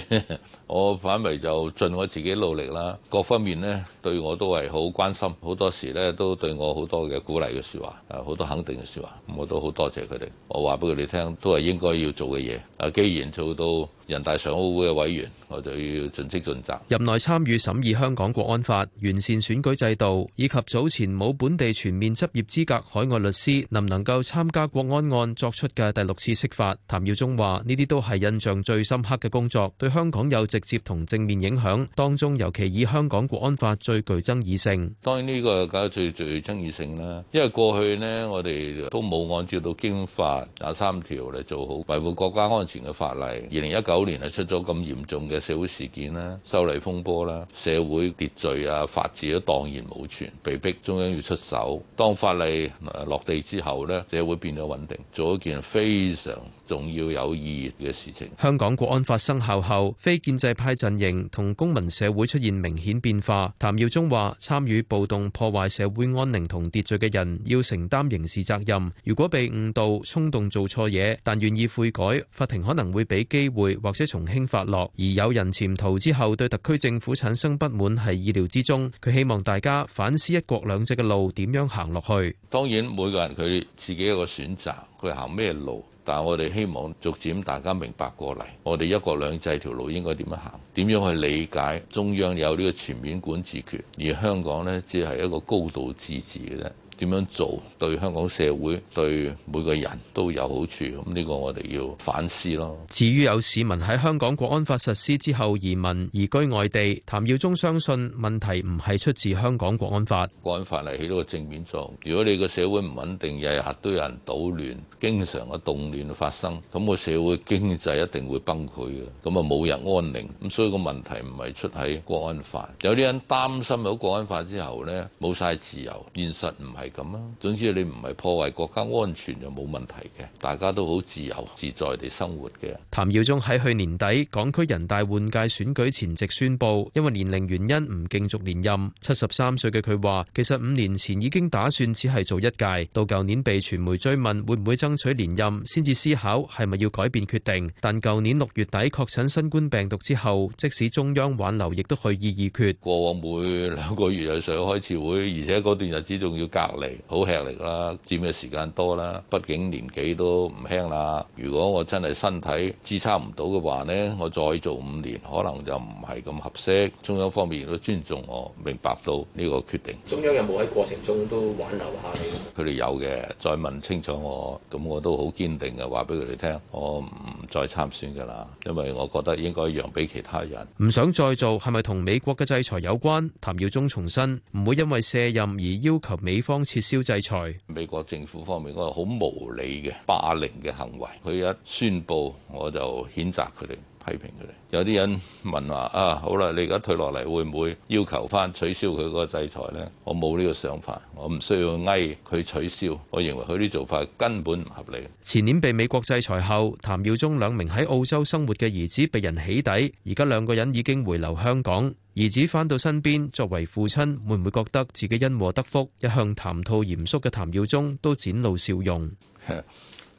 我反為就盡我自己努力啦。各方面呢對我都係好關心，好多時呢都對我好多嘅鼓勵嘅說話。誒好、啊、多肯定嘅說話，我都好多謝佢哋。我話俾佢哋聽，都係應該要做嘅嘢。誒、啊，既然做到人大常委會嘅委員，我就要盡職盡責。任內參與審議香港國安法、完善選舉制度，以及早前冇本地全面執業資格海外律師能唔能夠參加國安案作出嘅第六次釋法，譚耀宗話呢啲都係印象最深刻嘅工作，對香港有直接同正面影響，當中尤其以香港國安法最具爭議性。當然呢個梗最最爭議性啦，因為過去。對呢，我哋都冇按照到《經法》廿三條嚟做好維護國家安全嘅法例。二零一九年係出咗咁嚴重嘅社會事件啦、修例風波啦、社會秩序啊、法治都蕩然無存，被逼中央要出手。當法例落地之後呢，社會變咗穩定，做一件非常仲要有意義嘅事情。香港國安法生效後，非建制派陣營同公民社會出現明顯變化。譚耀宗話：參與暴動破壞社會安寧同秩序嘅人，要承擔刑事責任。如果被誤導、衝動做錯嘢，但願意悔改，法庭可能會俾機會或者從輕發落。而有人潛逃之後，對特區政府產生不滿係意料之中。佢希望大家反思一國兩制嘅路點樣行落去。當然，每個人佢自己一個選擇，佢行咩路。但我哋希望逐漸大家明白過嚟，我哋一國兩制條路應該點樣行？點樣去理解中央有呢個全面管治權，而香港呢，只係一個高度自治嘅啫。點樣做對香港社會對每個人都有好處，咁呢個我哋要反思咯。至於有市民喺香港國安法實施之後移民移居外地，譚耀宗相信問題唔係出自香港國安法。國安法係起到個正面作用。如果你個社會唔穩定，日日下都有人搗亂，經常嘅動亂發生，咁個社會經濟一定會崩潰嘅，咁啊，冇人安寧。咁所以個問題唔係出喺國安法。有啲人擔心到國安法之後呢，冇晒自由，現實唔係。係咁啊！總之你唔係破壞國家安全就冇問題嘅，大家都好自由自在地生活嘅。譚耀宗喺去年底港區人大換屆選舉前夕宣布，因為年齡原因唔競逐連任。七十三歲嘅佢話：其實五年前已經打算只係做一屆，到舊年被傳媒追問會唔會爭取連任，先至思考係咪要改變決定。但舊年六月底確診新冠病毒之後，即使中央挽留，亦都去意已決。過往每兩個月就上開次會，而且嗰段日子仲要隔嚟，好吃力啦，佔嘅時間多啦。畢竟年紀都唔輕啦。如果我真係身體支撐唔到嘅話呢，我再做五年可能就唔係咁合適。中央方面都尊重我，明白到呢個決定。中央有冇喺過程中都挽留下你？佢哋有嘅，再問清楚我，咁我都好堅定嘅話俾佢哋聽，我唔再參選噶啦，因為我覺得應該讓俾其他人。唔想再做係咪同美國嘅制裁有關？譚耀宗重申，唔會因為卸任而要求美方。撤銷制裁，美國政府方面嗰個好無理嘅霸凌嘅行為，佢一宣布我就譴責佢哋。批評佢哋，有啲人問話啊，好啦，你而家退落嚟會唔會要求翻取消佢嗰個制裁呢？我冇呢個想法，我唔需要嗌佢取消。我認為佢啲做法根本唔合理。前年被美國制裁後，譚耀宗兩名喺澳洲生活嘅兒子被人起底，而家兩個人已經回流香港。兒子翻到身邊，作為父親會唔會覺得自己因禍得福？一向談吐嚴肅嘅譚耀宗都展露笑容。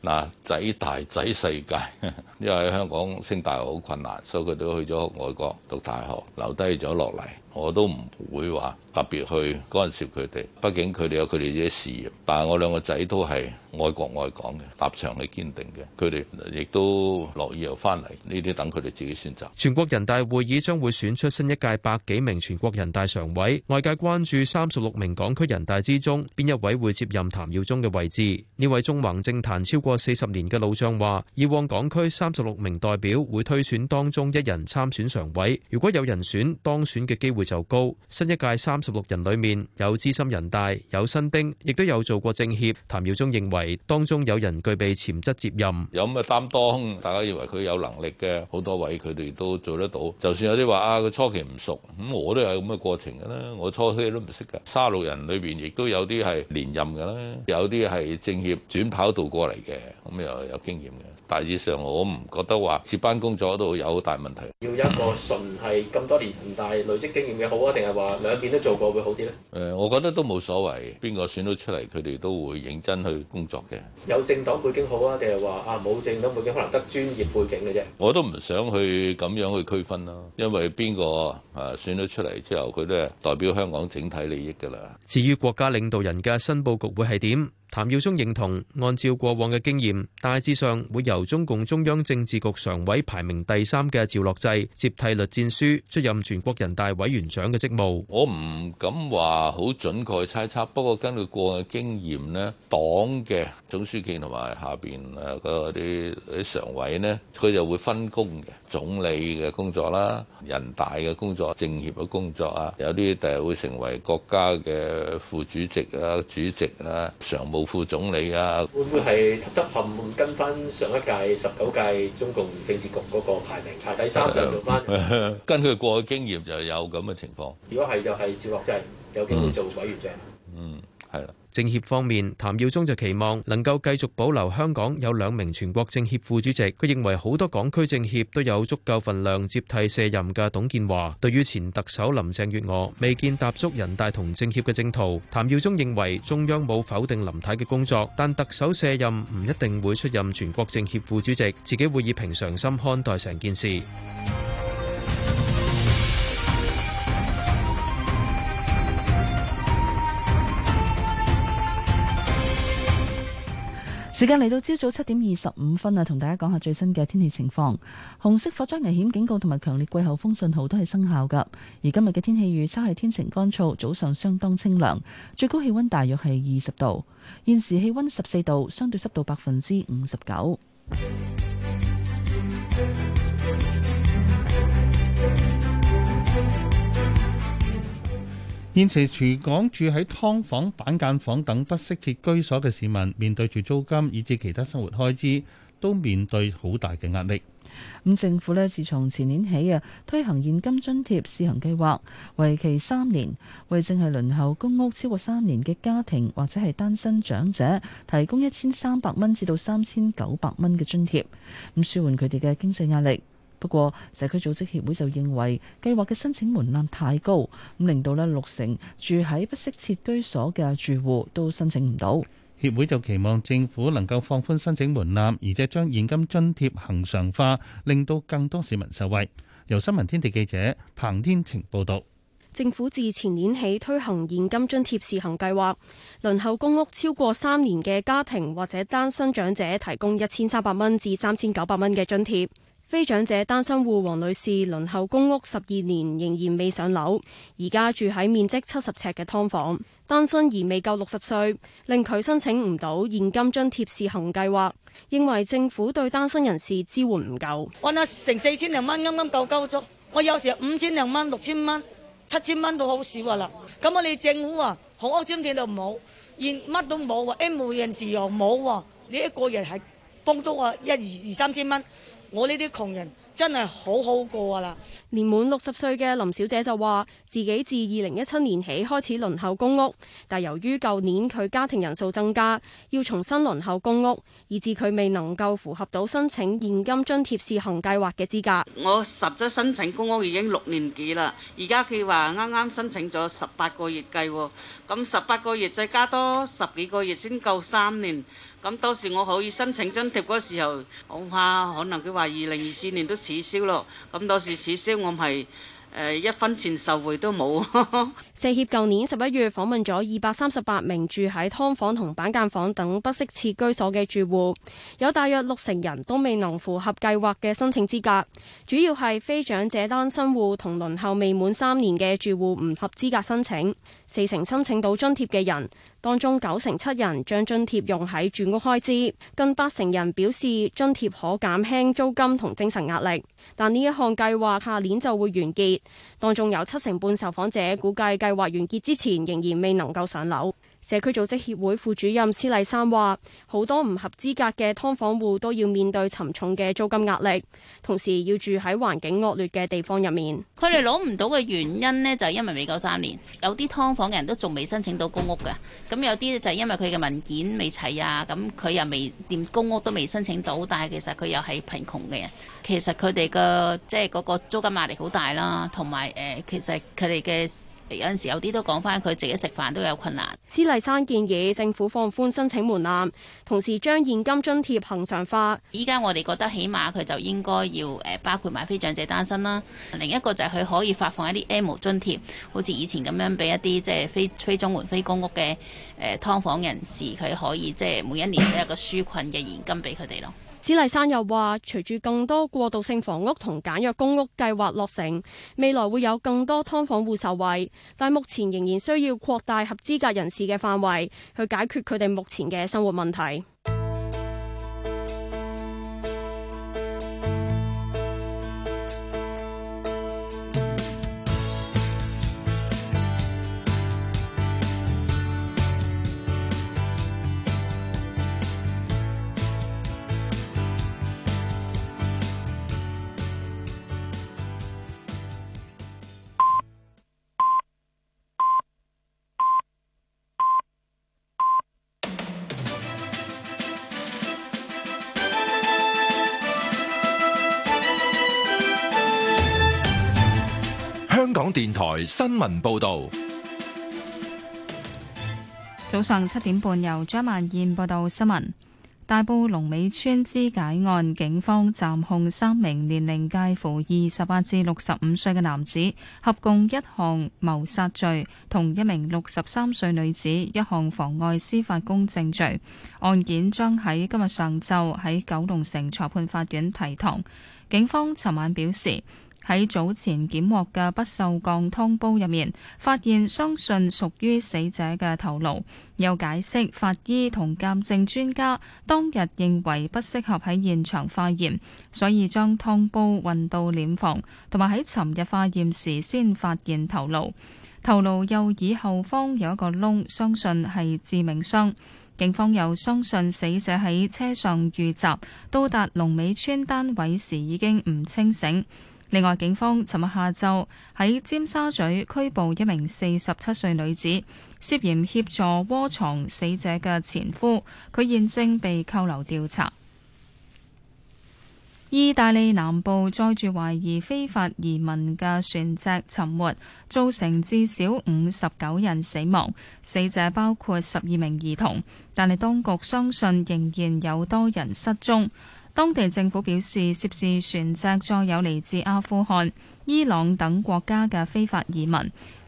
嗱，仔大仔世界，因為香港升大學好困難，所以佢都去咗外國讀大學，留低咗落嚟。我都唔會話特別去干涉佢哋，畢竟佢哋有佢哋嘅事業，但係我兩個仔都係愛國愛港嘅立場係堅定嘅，佢哋亦都樂意又翻嚟。呢啲等佢哋自己選擇。全國人大會議將會選出新一屆百幾名全國人大常委，外界關注三十六名港區人大之中，邊一位會接任譚耀宗嘅位置？呢位縱橫政壇超過四十年嘅老將話，以往港區三十六名代表會推選當中一人參選常委，如果有人選當選嘅機會，就高，新一屆三十六人裏面有資深人大，有新丁，亦都有做過政協。譚耀宗認為當中有人具備潛質接任，有咩擔當，大家認為佢有能力嘅，好多位佢哋都做得到。就算有啲話啊，佢初期唔熟，咁我都有咁嘅過程噶啦，我初初都唔識噶。三十六人裏邊亦都有啲係連任噶啦，有啲係政協轉跑道過嚟嘅，咁又有經驗嘅。大致上，我唔覺得話接班工作都有好大問題。要一個純係咁多年人大累積經驗嘅好啊，定係話兩邊都做過會好啲呢？誒、呃，我覺得都冇所謂，邊個選到出嚟，佢哋都會認真去工作嘅。有政黨背景好啊，定係話啊冇政黨背景可能得專業背景嘅啫。我都唔想去咁樣去區分咯、啊，因為邊個啊選到出嚟之後，佢都係代表香港整體利益㗎啦。至於國家領導人嘅新佈局會係點？譚耀宗認同，按照過往嘅經驗，大致上會由中共中央政治局常委排名第三嘅趙樂際接替栗戰書出任全國人大委員長嘅職務。我唔敢話好準確猜測，不過根據過往嘅經驗咧，黨嘅總書記同埋下邊誒嗰啲啲常委咧，佢就會分工嘅總理嘅工作啦、人大嘅工作、政協嘅工作啊，有啲誒會成為國家嘅副主席啊、主席啊、常務。副總理啊，會唔會係得得冚跟翻上一屆，上一屆十九屆中共政治局嗰個排名排第三就做翻？ 跟佢過去經驗就有咁嘅情況。如果係就係趙樂際有機會做委員長。嗯，係啦。政協方面，譚耀宗就期望能夠繼續保留香港有兩名全國政協副主席。佢認為好多港區政協都有足夠份量接替卸任嘅董建華。對於前特首林鄭月娥未見踏足人大同政協嘅政途，譚耀宗認為中央冇否定林太嘅工作，但特首卸任唔一定會出任全國政協副主席，自己會以平常心看待成件事。時間嚟到朝早七點二十五分啦，同大家講下最新嘅天氣情況。紅色火災危險警告同埋強烈季候風信號都係生效㗎。而今日嘅天氣預測係天晴乾燥，早上相當清涼，最高氣溫大約係二十度。現時氣溫十四度，相對濕度百分之五十九。現時，全港住喺劏房、板間房等不適切居所嘅市民，面對住租金以至其他生活開支，都面對好大嘅壓力。咁政府咧，自從前年起啊，推行現金津貼試行計劃，為期三年，為淨係輪候公屋超過三年嘅家庭或者係單身長者，提供一千三百蚊至到三千九百蚊嘅津貼，咁舒緩佢哋嘅經濟壓力。不過，社區組織協會就認為計劃嘅申請門檻太高，咁令到咧六成住喺不適切居所嘅住戶都申請唔到。協會就期望政府能夠放寬申請門檻，而且將現金津貼恒常化，令到更多市民受惠。由新聞天地記者彭天晴報道。政府自前年起推行現金津貼試行計劃，輪候公屋超過三年嘅家庭或者單身長者提供一千三百蚊至三千九百蚊嘅津貼。非長者單身戶王女士輪候公屋十二年仍然未上樓，而家住喺面積七十尺嘅劏房，單身而未夠六十歲，令佢申請唔到現金津貼試行計劃，認為政府對單身人士支援唔夠。我呢成四千零蚊，啱啱夠夠足。我有時五千零蚊、六千蚊、七千蚊都好少噶啦。咁我哋政府啊，房屋津貼又冇，現乜都冇喎，M 無人士又冇喎，你一個人係幫到我一二二三千蚊。1, 2, 3, 我呢啲窮人真係好好過啊啦！年滿六十歲嘅林小姐就話：自己自二零一七年起開始輪候公屋，但由於舊年佢家庭人數增加，要重新輪候公屋，以致佢未能夠符合到申請現金津貼試行計劃嘅資格。我實質申請公屋已經六年幾啦，而家佢話啱啱申請咗十八個月計喎，咁十八個月再加多十幾個月先夠三年。咁到時我可以申請津貼嗰時候，恐怕可能佢話二零二四年都取消咯。咁到時取消，我唔係誒一分錢受惠都冇。 社協舊年十一月訪問咗二百三十八名住喺劏房同板間房等不適切居所嘅住戶，有大約六成人都未能符合計劃嘅申請資格，主要係非長者單身戶同輪候未滿三年嘅住戶唔合資格申請。四成申請到津貼嘅人。當中九成七人將津貼用喺住屋開支，近八成人表示津貼可減輕租金同精神壓力，但呢一項計劃下年就會完結。當中有七成半受訪者估計計計劃完結之前仍然未能夠上樓。社區組織協會副主任施麗珊話，好多唔合資格嘅㓥房戶都要面對沉重嘅租金壓力，同時要住喺環境惡劣嘅地方入面。佢哋攞唔到嘅原因呢，就係因為未夠三年，有啲㓥房嘅人都仲未申請到公屋嘅。咁有啲就係因為佢嘅文件未齊啊，咁佢又未連公屋都未申請到，但係其實佢又係貧窮嘅人。其實佢哋嘅即係嗰個租金壓力好大啦，同埋誒，其實佢哋嘅。有陣時有啲都講翻佢自己食飯都有困難。施麗珊建議政府放寬申請門檻，同時將現金津貼恆常化。依家我哋覺得起碼佢就應該要誒包括埋非長者單身啦。另一個就係佢可以發放一啲 N 無津貼，好似以前咁樣俾一啲即係非綜援非公屋嘅誒、呃、劏房人士，佢可以即係每一年都有個紓困嘅現金俾佢哋咯。史麗珊又話：隨住更多過渡性房屋同簡約公屋計劃落成，未來會有更多劏房戶受惠，但目前仍然需要擴大合資格人士嘅範圍，去解決佢哋目前嘅生活問題。電台新聞報道：早上七點半，由張萬燕報道新聞。大埔龍尾村肢解案，警方暫控三名年齡介乎二十八至六十五歲嘅男子，合共一項謀殺罪，同一名六十三歲女子一項妨礙司法公正罪。案件將喺今日上晝喺九龍城裁判法院提堂。警方尋晚表示。喺早前檢獲嘅不鏽鋼湯煲入面，發現相信屬於死者嘅頭顱。又解釋，法醫同鑑證專家當日認為不適合喺現場化驗，所以將湯煲運到殮房，同埋喺尋日化驗時先發現頭顱。頭顱右耳後方有一個窿，相信係致命傷。警方又相信死者喺車上遇襲，到達龍尾村單位時已經唔清醒。另外，警方尋日下晝喺尖沙咀拘捕一名四十七歲女子，涉嫌協助窩藏死者嘅前夫，佢現正被扣留調查。 意大利南部載住懷疑非法移民嘅船隻沉沒，造成至少五十九人死亡，死者包括十二名兒童，但係當局相信仍然有多人失蹤。當地政府表示，涉事船隻載有嚟自阿富汗、伊朗等國家嘅非法移民，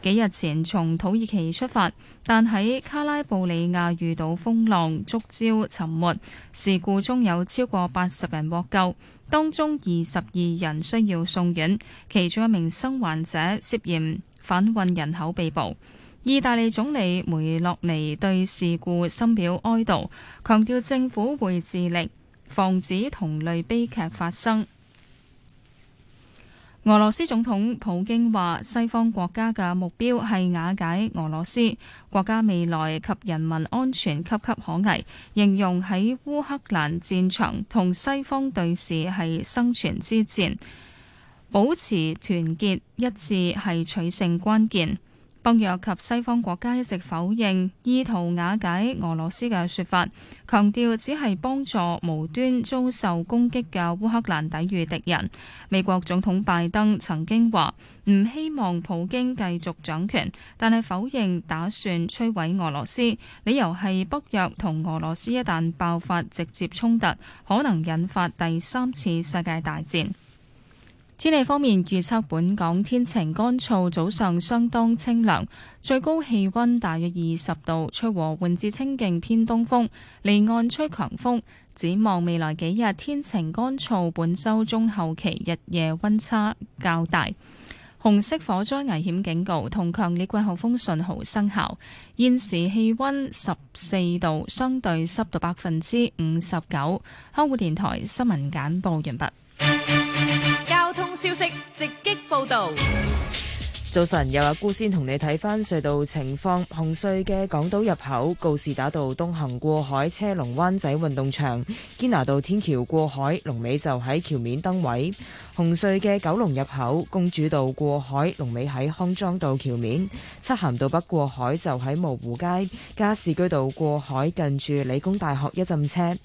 幾日前從土耳其出發，但喺卡拉布里亞遇到風浪，觸礁沉沒。事故中有超過八十人獲救，當中二十二人需要送院，其中一名生還者涉嫌販運人口被捕。意大利總理梅洛尼對事故深表哀悼，強調政府會致力防止同類悲劇發生。俄羅斯總統普京話：西方國家嘅目標係瓦解俄羅斯，國家未來及人民安全岌岌可危。形容喺烏克蘭戰場同西方對峙係生存之戰，保持團結一致係取勝關鍵。北約及西方國家一直否認意圖瓦解俄羅斯嘅說法，強調只係幫助無端遭受攻擊嘅烏克蘭抵禦敵人。美國總統拜登曾經話唔希望普京繼續掌權，但係否認打算摧毀俄羅斯，理由係北約同俄羅斯一旦爆發直接衝突，可能引發第三次世界大戰。天氣方面，預測，本港天晴乾燥，早上相當清涼，最高氣温大約二十度，吹和緩至清勁偏東風，離岸吹強風。展望未來幾日天晴乾燥，本週中後期日夜温差較大。紅色火災危險警告同強烈季候風信號生效。現時氣温十四度，相對濕度百分之五十九。香港電台新聞簡報完畢。消息直擊報道。早晨，有阿姑先同你睇翻隧道情況。紅隧嘅港島入口告士打道東行過海，車龍灣仔運動場；堅拿道天橋過海，龍尾就喺橋面燈位。紅隧嘅九龍入口公主道過海，龍尾喺康莊道橋面。漆咸道北過海就喺蕪湖街，加士居道過海近住理工大學一浸車。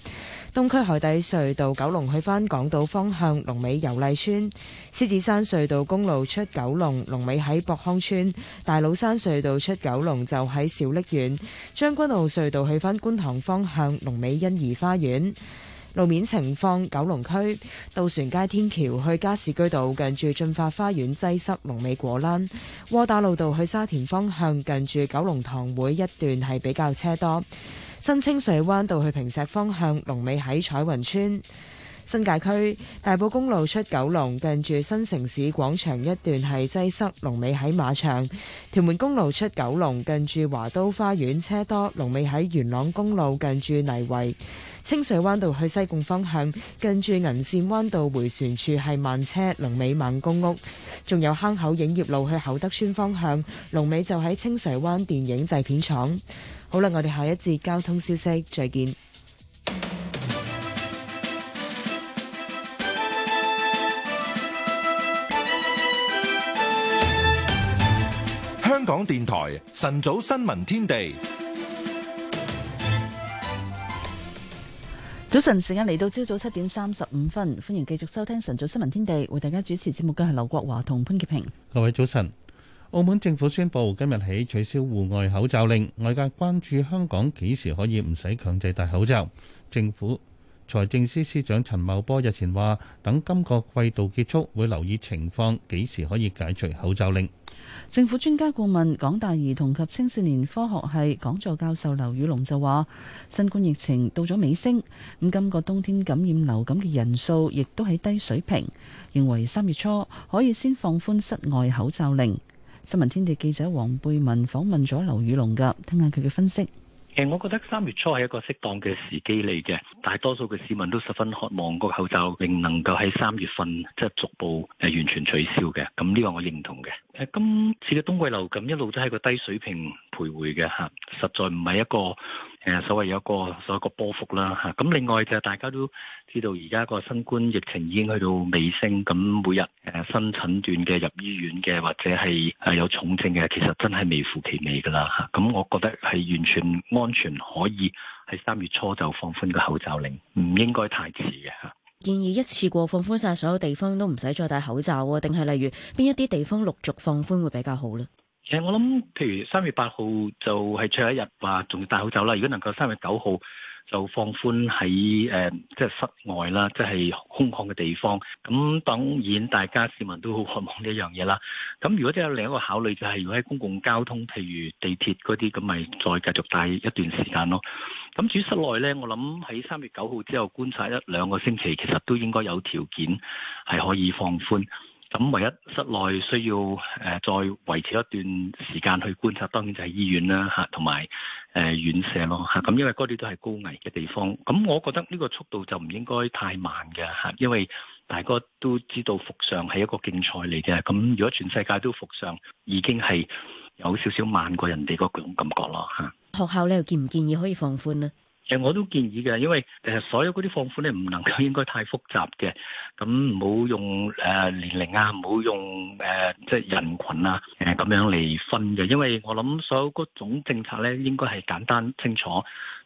東區海底隧道九龍去返港島方向，龍尾油麗邨；獅子山隧道公路出九龍，龍尾喺博康村；大老山隧道出九龍就喺小瀝源；將軍澳隧道去返觀塘方向，龍尾欣怡花園。路面情況，九龍區渡船街天橋去加士居道近住駿發花園擠塞，龍尾果欄；窩打老道去沙田方向近住九龍塘會一段係比較車多。新清水灣道去坪石方向，龍尾喺彩雲邨。新界區大埔公路出九龍，近住新城市廣場一段係擠塞，龍尾喺馬場。屯門公路出九龍，近住華都花園車多，龍尾喺元朗公路，近住泥圍。清水灣道去西貢方向，近住銀線灣道迴旋處係慢車，龍尾孟公屋。仲有坑口影業路去厚德村方向，龍尾就喺清水灣電影製片廠。好啦，我哋下一節交通消息，再見。香港電台晨早新聞天地。早晨，時間嚟到，朝早七點三十五分，歡迎繼續收聽晨早新聞天地，為大家主持節目嘅係劉國華同潘潔平。各位早晨，澳門政府宣佈今日起取消戶外口罩令，外界關注香港幾時可以唔使強制戴口罩。政府財政司司司長陳茂波日前話，等今個季度結束會留意情況，幾時可以解除口罩令。政府專家顧問港大兒童及青少年科學系講座教授劉宇龍就話，新冠疫情到咗尾聲，咁今個冬天感染流感嘅人數亦都喺低水平，認為三月初可以先放寬室外口罩令。新聞天地記者黃貝文訪問咗劉宇龍㗎，聽下佢嘅分析。誒，我覺得三月初係一個適當嘅時機嚟嘅，大多數嘅市民都十分渴望個口罩令能夠喺三月份即係逐步誒完全取消嘅，咁呢個我認同嘅。今次嘅冬季流感一路都喺個低水平徘徊嘅嚇，實在唔係一個誒、呃、所謂有一個所謂個波幅啦嚇。咁、啊、另外就大家都知道，而家個新冠疫情已經去到尾聲，咁每日誒新診斷嘅入醫院嘅或者係係有重症嘅，其實真係微乎其微㗎喇嚇。咁、啊、我覺得係完全安全可以喺三月初就放寬個口罩令，唔應該太遲嘅嚇。建議一次過放寬晒所有地方都唔使再戴口罩喎、啊，定係例如邊一啲地方陸續放寬會比較好呢、啊？其實我諗，譬如三月八號就係最後一日話仲要戴口罩啦。如果能夠三月九號。就放寬喺誒，即係室外啦，即係空曠嘅地方。咁當然，大家市民都好渴望呢一樣嘢啦。咁如果真有另一個考慮，就係要喺公共交通，譬如地鐵嗰啲，咁咪再繼續戴一段時間咯。咁至於室內呢，我諗喺三月九號之後觀察一兩個星期，其實都應該有條件係可以放寬。咁唯一室內需要誒再維持一段時間去觀察，當然就係醫院啦，嚇同埋。誒，院舍，呃、咯吓，咁因為嗰啲都係高危嘅地方，咁我覺得呢個速度就唔應該太慢嘅吓，因為大家都知道服上係一個競賽嚟嘅，咁如果全世界都服上，已經係有少少慢過人哋嗰種感覺咯吓。學校你又建唔建議可以放寬呢？誒，我都建議嘅，因為誒所有嗰啲放款咧，唔能夠應該太複雜嘅，咁唔好用誒、呃、年齡啊，唔好用誒、呃、即係人群啊，誒咁樣嚟分嘅，因為我諗所有嗰種政策咧，應該係簡單清楚，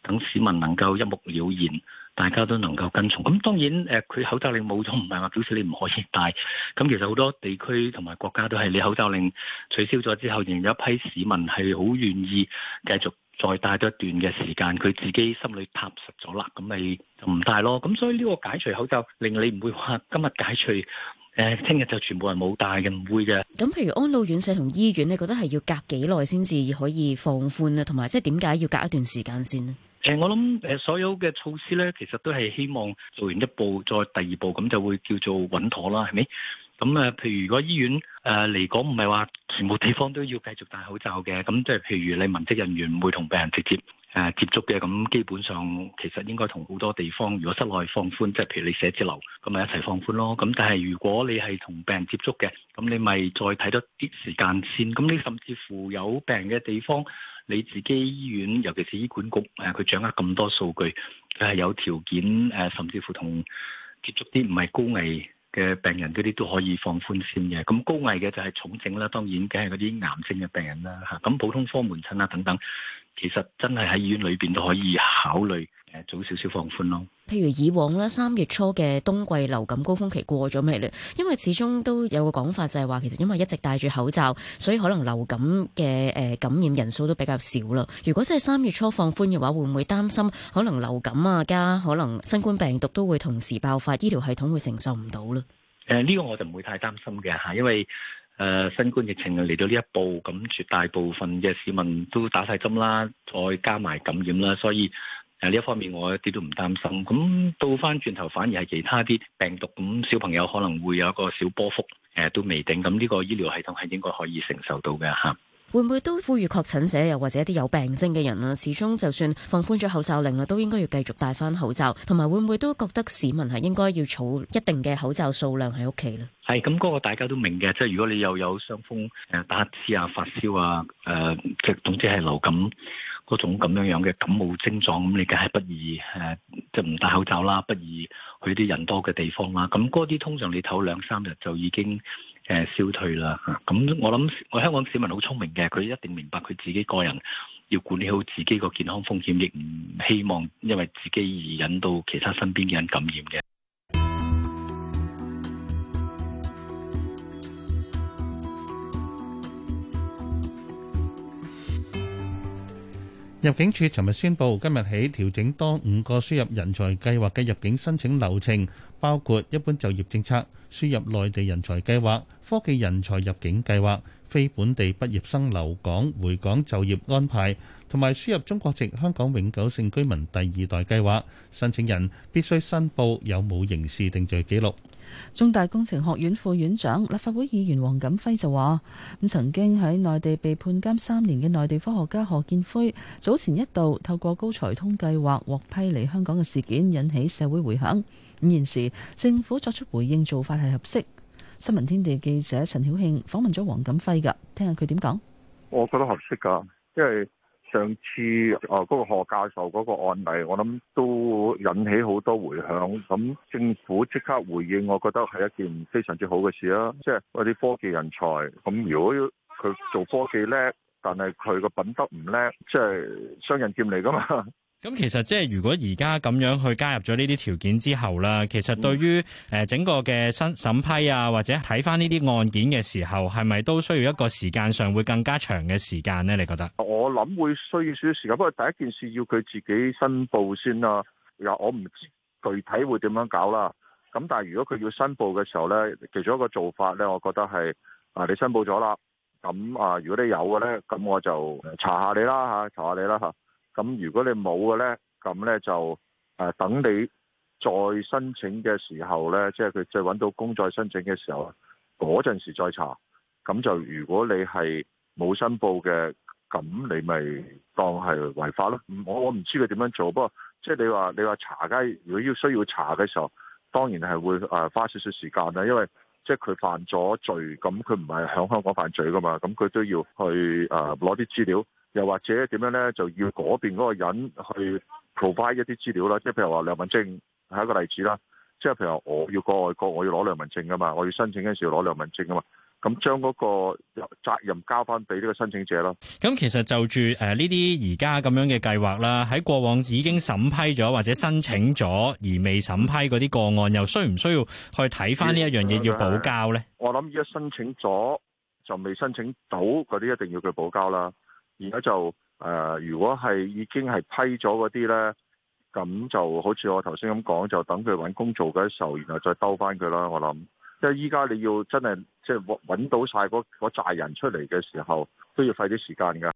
等市民能夠一目了然，大家都能夠跟從。咁當然誒，佢、呃、口罩令冇咗唔係話表示你唔可以戴，咁其實好多地區同埋國家都係你口罩令取消咗之後，仍然有一批市民係好願意繼續。再戴多一段嘅時間，佢自己心裏踏實咗啦，咁咪唔戴咯。咁所以呢個解除口罩，令你唔會話今日解除，誒聽日就全部人冇戴嘅，唔會嘅。咁譬如安老院舍同醫院，你覺得係要隔幾耐先至可以放寬啊，同埋即係點解要隔一段時間先咧？誒、呃，我諗誒所有嘅措施咧，其實都係希望做完一步再第二步，咁就會叫做穩妥啦，係咪？咁誒、嗯，譬如如果醫院誒嚟講，唔係話全部地方都要繼續戴口罩嘅，咁即係譬如你文職人員唔會同病人直接誒、呃、接觸嘅，咁基本上其實應該同好多地方，如果室內放寬，即係譬如你寫字樓，咁咪一齊放寬咯。咁但係如果你係同病人接觸嘅，咁你咪再睇多啲時間先。咁你甚至乎有病嘅地方，你自己醫院，尤其是醫管局誒，佢、呃、掌握咁多數據，佢、呃、係有條件誒、呃，甚至乎同接觸啲唔係高危嘅病人嗰啲都可以放寬先嘅，咁高危嘅就係重症啦，當然梗係嗰啲癌症嘅病人啦嚇，咁普通科門診呀等等，其實真係喺醫院裏邊都可以考慮。誒，早少少放寬咯。譬如以往咧，三月初嘅冬季流感高峰期過咗未咧？因為始終都有個講法就，就係話其實因為一直戴住口罩，所以可能流感嘅誒感染人數都比較少啦。如果真係三月初放寬嘅話，會唔會擔心可能流感啊加可能新冠病毒都會同時爆發，醫療系統會承受唔到咧？誒，呢個我就唔會太擔心嘅吓，因為誒、呃、新冠疫情嚟到呢一步，咁絕大部分嘅市民都打晒針啦，再加埋感染啦，所以。誒呢一方面我一啲都唔擔心，咁倒翻轉頭反而係其他啲病毒，咁小朋友可能會有一個小波幅，誒、呃、都未定，咁呢個醫療系統係應該可以承受到嘅嚇。會唔會都呼籲確診者又或者一啲有病徵嘅人啊？始終就算放寬咗口罩令啊，都應該要繼續戴翻口罩，同埋會唔會都覺得市民係應該要儲一定嘅口罩數量喺屋企呢？係，咁、那、嗰個大家都明嘅，即係如果你又有傷風、誒、呃、打乞嗤啊、發燒啊、誒、呃、即係總之係流感。嗰種咁樣樣嘅感冒症狀，咁你梗係不宜誒，就唔戴口罩啦，不宜去啲人多嘅地方啦。咁嗰啲通常你唞兩三日就已經誒消退啦。咁我諗我香港市民好聰明嘅，佢一定明白佢自己個人要管理好自己個健康風險，亦唔希望因為自己而引到其他身邊嘅人感染嘅。入境處尋日宣布，今日起調整多五個輸入人才計劃嘅入境申請流程，包括一般就業政策、輸入內地人才計劃、科技人才入境計劃、非本地畢業生留港、回港就業安排，同埋輸入中國籍香港永久性居民第二代計劃，申請人必須申報有冇刑事定罪記錄。中大工程學院副院長、立法會議員黃錦輝就話，咁曾經喺內地被判監三年嘅內地科學家何建輝，早前一度透過高才通計劃獲批嚟香港嘅事件，引起社會回響。咁現時政府作出回應做法係合適。新聞天地記者陳曉慶訪問咗黃錦輝噶，聽下佢點講。我覺得合適噶，因為。上次啊，嗰個何教授嗰個案例，我諗都引起好多迴響。咁政府即刻回應，我覺得係一件非常之好嘅事啦。即係嗰啲科技人才，咁如果佢做科技叻，但係佢個品德唔叻，即係雙刃劍嚟噶嘛。咁其實即係如果而家咁樣去加入咗呢啲條件之後啦，其實對於誒整個嘅審審批啊，或者睇返呢啲案件嘅時候，係咪都需要一個時間上會更加長嘅時間咧？你覺得？我諗會需要少少時間，不過第一件事要佢自己申報先啊。又我唔知具體會點樣搞啦，啊。咁但係如果佢要申報嘅時候咧，其中一個做法咧，我覺得係啊，你申報咗啦。咁啊，如果你有嘅咧，咁我就查下你啦嚇，查下你啦嚇。咁如果你冇嘅呢，咁呢就誒等你再申請嘅時候呢，即係佢再揾到工再申請嘅時候，嗰陣時再查。咁就如果你係冇申報嘅，咁你咪當係違法咯。我唔知佢點樣做，不過即係你話你話查街，如果要需要查嘅時候，當然係會誒花少少時間啦。因為即係佢犯咗罪，咁佢唔係響香港犯罪噶嘛，咁佢都要去誒攞啲資料。又或者點樣咧，就要嗰邊嗰個人去 provide 一啲資料啦，即係譬如話良民證係一個例子啦。即係譬如話我要過外國，我要攞良民證噶嘛，我要申請嗰時候要攞良民證噶嘛。咁將嗰個責任交翻俾呢個申請者咯。咁其實就住誒呢啲而家咁樣嘅計劃啦，喺過往已經審批咗或者申請咗而未審批嗰啲個案，又需唔需要去睇翻呢一樣嘢要補交咧？我諗而家申請咗就未申請到嗰啲，一定要佢補交啦。而家就誒、呃，如果係已經係批咗嗰啲咧，咁就好似我頭先咁講，就等佢揾工做嘅時候，然後再兜翻佢啦。我諗即係依家你要真係即係揾到晒嗰嗰債人出嚟嘅時候，都要費啲時間㗎。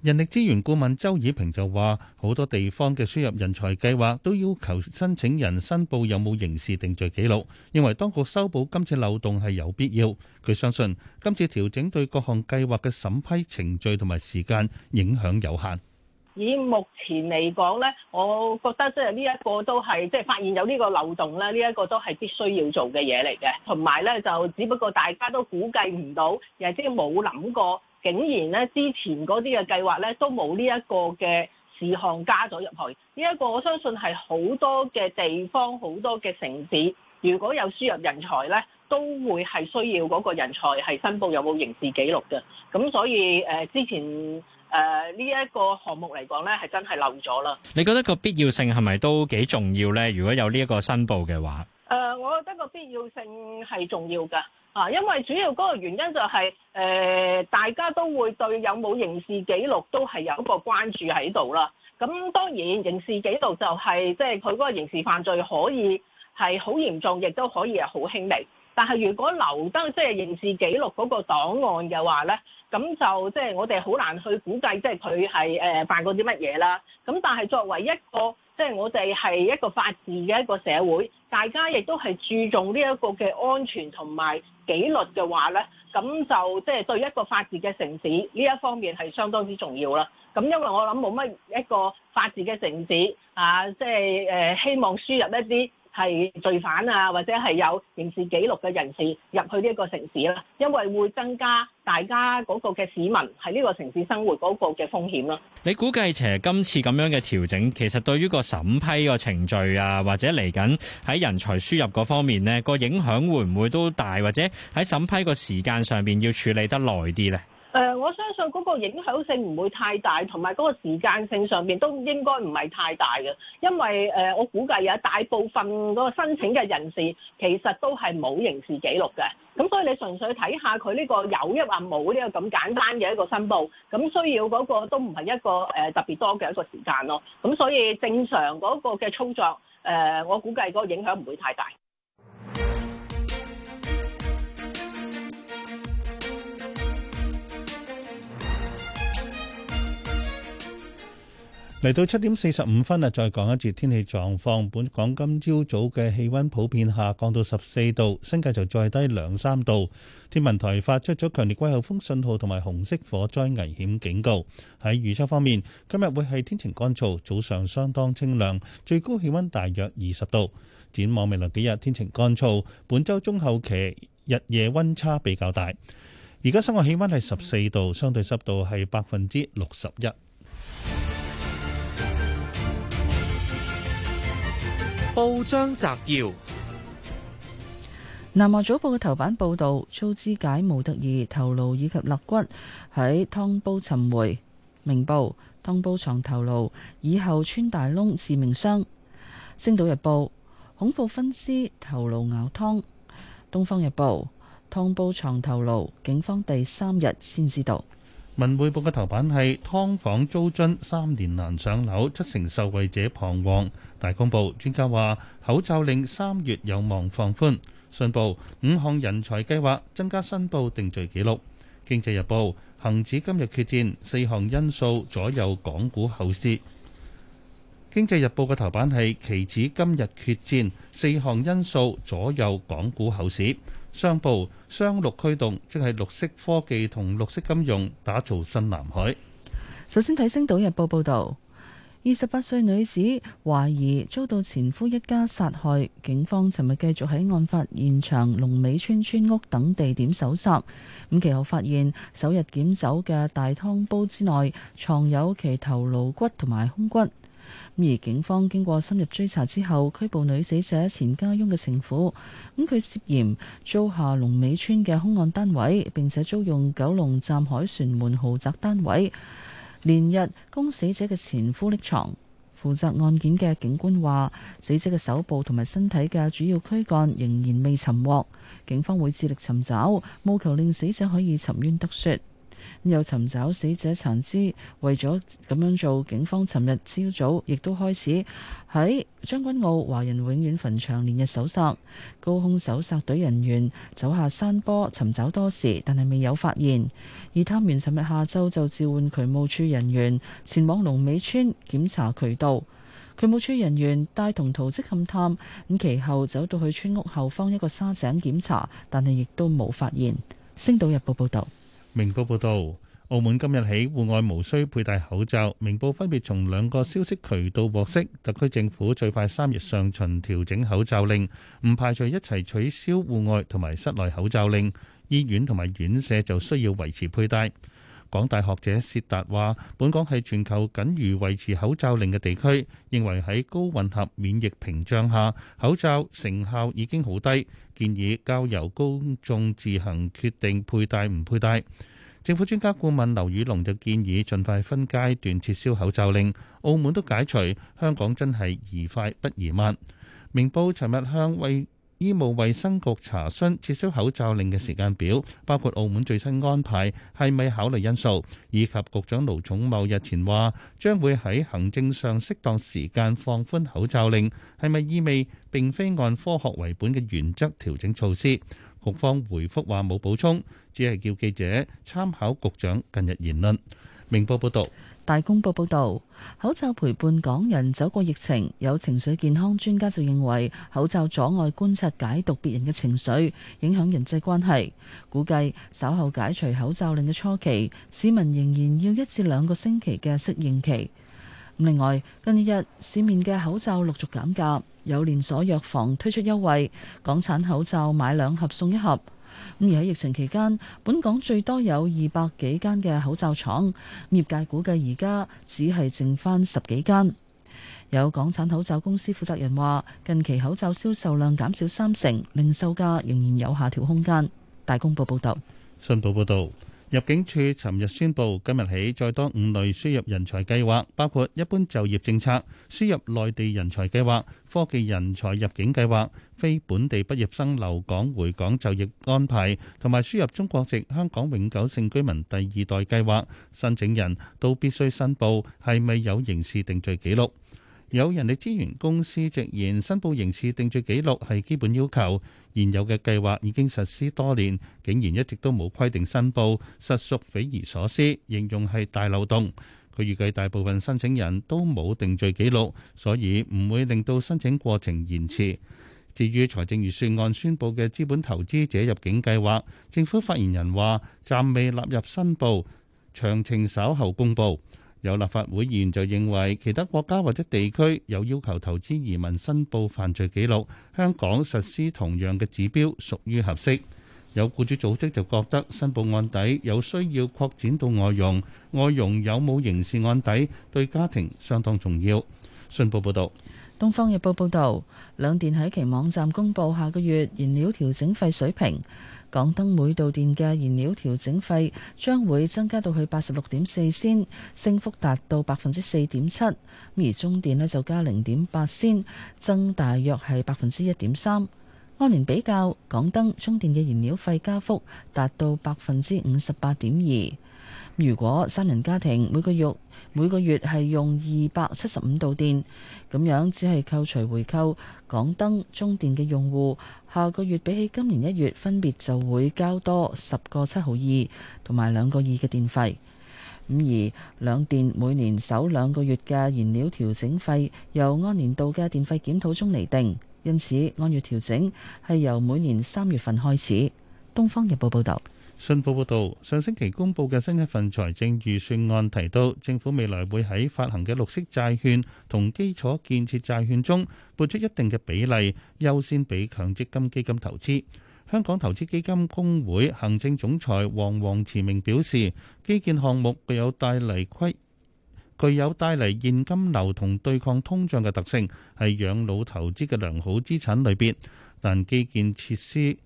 人力資源顧問周以平就話：好多地方嘅輸入人才計劃都要求申請人申報有冇刑事定罪記錄。認為當局修補今次漏洞係有必要。佢相信今次調整對各項計劃嘅審批程序同埋時間影響有限。以目前嚟講呢，我覺得即係呢一個都係即係發現有呢個漏洞啦，呢一個都係必須要做嘅嘢嚟嘅。同埋呢，就只不過大家都估計唔到，又即係冇諗過。竟然咧，之前嗰啲嘅計劃咧，都冇呢一個嘅事項加咗入去。呢一個我相信係好多嘅地方、好多嘅城市，如果有輸入人才咧，都會係需要嗰個人才係申報有冇刑事記錄嘅。咁所以誒，之前誒呢一個項目嚟講咧，係真係漏咗啦。你覺得個必要性係咪都幾重要咧？如果有呢一個申報嘅話，誒，我覺得個必要性係重要㗎。啊，因為主要嗰個原因就係、是，誒、呃，大家都會對有冇刑事記錄都係有一個關注喺度啦。咁當然，刑事記錄就係即係佢嗰個刑事犯罪可以係好嚴重，亦都可以係好輕微。但係如果留得即係刑事記錄嗰個檔案嘅話咧，咁就即係我哋好難去估計即係佢係誒犯過啲乜嘢啦。咁但係作為一個即係我哋係一個法治嘅一個社會，大家亦都係注重呢一個嘅安全同埋紀律嘅話咧，咁就即係對一個法治嘅城市呢一方面係相當之重要啦。咁因為我諗冇乜一個法治嘅城市啊，即係誒希望輸入一啲。係罪犯啊，或者係有刑事記錄嘅人士入去呢個城市啦，因為會增加大家嗰個嘅市民喺呢個城市生活嗰個嘅風險咯。你估計其實今次咁樣嘅調整，其實對於個審批個程序啊，或者嚟緊喺人才輸入嗰方面呢個影響會唔會都大，或者喺審批個時間上面要處理得耐啲呢？誒、呃，我相信嗰個影響性唔會太大，同埋嗰個時間性上面都應該唔係太大嘅，因為誒、呃，我估計啊，大部分嗰個申請嘅人士其實都係冇刑事記錄嘅，咁所以你純粹睇下佢呢個有一話冇呢個咁簡單嘅一個申報，咁需要嗰個都唔係一個誒特別多嘅一個時間咯，咁所以正常嗰個嘅操作，誒、呃，我估計嗰個影響唔會太大。嚟到七點四十五分啦，再講一次天氣狀況。本港今朝早嘅氣温普遍下降到十四度，新界就再低兩三度。天文台發出咗強烈季候風信號同埋紅色火災危險警告。喺預測方面，今日會係天晴乾燥，早上相當清涼，最高氣温大約二十度。展望未來幾日天晴乾燥，本週中後期日夜温差比較大。而家室外氣温係十四度，相對濕度係百分之六十一。報章摘要：南華早報嘅頭版報道，粗肢解模特兒頭顱以及肋骨喺湯煲尋回；明報湯煲藏頭顱，以後穿大窿致命傷。星島日報恐怖分屍頭顱熬湯。東方日報湯煲藏頭顱，警方第三日先知道。文匯報嘅頭版係：劏房租津三年難上樓，七成受惠者彷徨。大公報專家話：口罩令三月有望放寬。信報五項人才計劃增加申報定罪記錄。經濟日報行指今日決戰，四項因素左右港股後市。經濟日報嘅頭版係：期指今日決戰，四項因素左右港股後市。雙部雙綠驅動，即係綠色科技同綠色金融，打造新藍海。首先睇《星島日報》報導，二十八歲女子懷疑遭到前夫一家殺害，警方尋日繼續喺案發現場龍尾村村屋等地點搜查。咁其後發現，首日撿走嘅大湯煲之內藏有其頭顱骨同埋胸骨。而警方經過深入追查之後，拘捕女死者前家翁嘅情婦。咁佢涉嫌租下龍尾村嘅凶案單位，並且租用九龍站凱旋門豪宅單位，連日供死者嘅前夫匿藏。負責案件嘅警官話：死者嘅手部同埋身體嘅主要軀幹仍然未尋獲，警方會致力尋找，務求令死者可以沉冤得雪。又尋找死者殘肢，為咗咁樣做，警方尋日朝早亦都開始喺將軍澳華人永遠墳場連日搜索。高空搜索隊人員走下山坡尋找多時，但係未有發現。而探員尋日下晝就召喚渠務處人員前往龍尾村檢查渠道。渠務處人員帶同圖則勘探，咁其後走到去村屋後方一個沙井檢查，但係亦都冇發現。星島日報報道。明報報道，澳門今日起戶外無需佩戴口罩。明報分別從兩個消息渠道獲悉，特區政府，最快三月上旬調整口罩令，唔排除一齊取消戶外同埋室內口罩令。醫院同埋院舍就需要維持佩戴。港大學者薛達話：本港係全球僅餘維持口罩令嘅地區，認為喺高混合免疫屏障下，口罩成效已經好低，建議交由公眾自行決定佩戴唔佩戴。政府專家顧問劉宇龍就建議盡快分階段撤銷口罩令，澳門都解除，香港真係宜快不宜慢。明報尋日向為醫務衛生局查詢撤銷口罩令嘅時間表，包括澳門最新安排係咪考慮因素，以及局長盧寵茂日前話將會喺行政上適當時間放寬口罩令，係咪意味並非按科學為本嘅原則調整措施？局方回覆話冇補充，只係叫記者參考局長近日言論。明報報道。大公報報導，口罩陪伴港人走過疫情，有情緒健康專家就認為口罩阻礙觀察、解讀別人嘅情緒，影響人際關係。估計稍後解除口罩令嘅初期，市民仍然要一至兩個星期嘅適應期。另外，近日市面嘅口罩陸續減價，有連鎖藥房推出優惠，港產口罩買兩盒送一盒。咁而喺疫情期間，本港最多有二百幾間嘅口罩廠，業界估計而家只係剩翻十幾間。有港產口罩公司負責人話：近期口罩銷售量減少三成，零售價仍然有下調空間。大公報報道。新報報道。入境處尋日宣布，今日起再多五類輸入人才計劃，包括一般就業政策、輸入內地人才計劃、科技人才入境計劃、非本地畢業生留港回港就業安排，同埋輸入中國籍香港永久性居民第二代計劃，申請人都必須申報，係咪有刑事定罪記錄。有人力資源公司直言，申報刑事定罪記錄係基本要求，現有嘅計劃已經實施多年，竟然一直都冇規定申報，實屬匪夷所思，形容係大漏洞。佢預計大部分申請人都冇定罪記錄，所以唔會令到申請過程延遲。至於財政預算案宣佈嘅資本投資者入境計劃，政府發言人話暫未納入申報，詳情稍後公布。有立法會議員就認為，其他國家或者地區有要求投資移民申報犯罪記錄，香港實施同樣嘅指標屬於合適。有雇主組織就覺得申報案底有需要擴展到外傭，外傭有冇刑事案底對家庭相當重要。信報報道。《東方日報》報道，兩電喺其網站公布下個月燃料調整費水平。港燈每度電嘅燃料調整費將會增加到去八十六點四仙，升幅達到百分之四點七。而中電呢，就加零點八仙，增大約係百分之一點三。按年比較，港燈、中電嘅燃料費加幅達到百分之五十八點二。如果三人家庭每個月每個月係用二百七十五度電，咁樣只係扣除回扣。港燈、中電嘅用戶下個月比起今年一月，分別就會交多十個七毫二同埋兩個二嘅電費。咁而兩電每年首兩個月嘅燃料調整費由按年度嘅電費檢討中嚟定，因此按月調整係由每年三月份開始。《東方日報》報導。《信報》報道，上星期公佈嘅新一份財政預算案提到，政府未來會喺發行嘅綠色債券同基礎建設債券中撥出一定嘅比例，優先俾強積金基金投資。香港投資基金公會行政總裁黃王慈明表示，基建項目具有帶嚟規、具有帶嚟現金流同對抗通脹嘅特性，係養老投資嘅良好資產類別，但基建設施。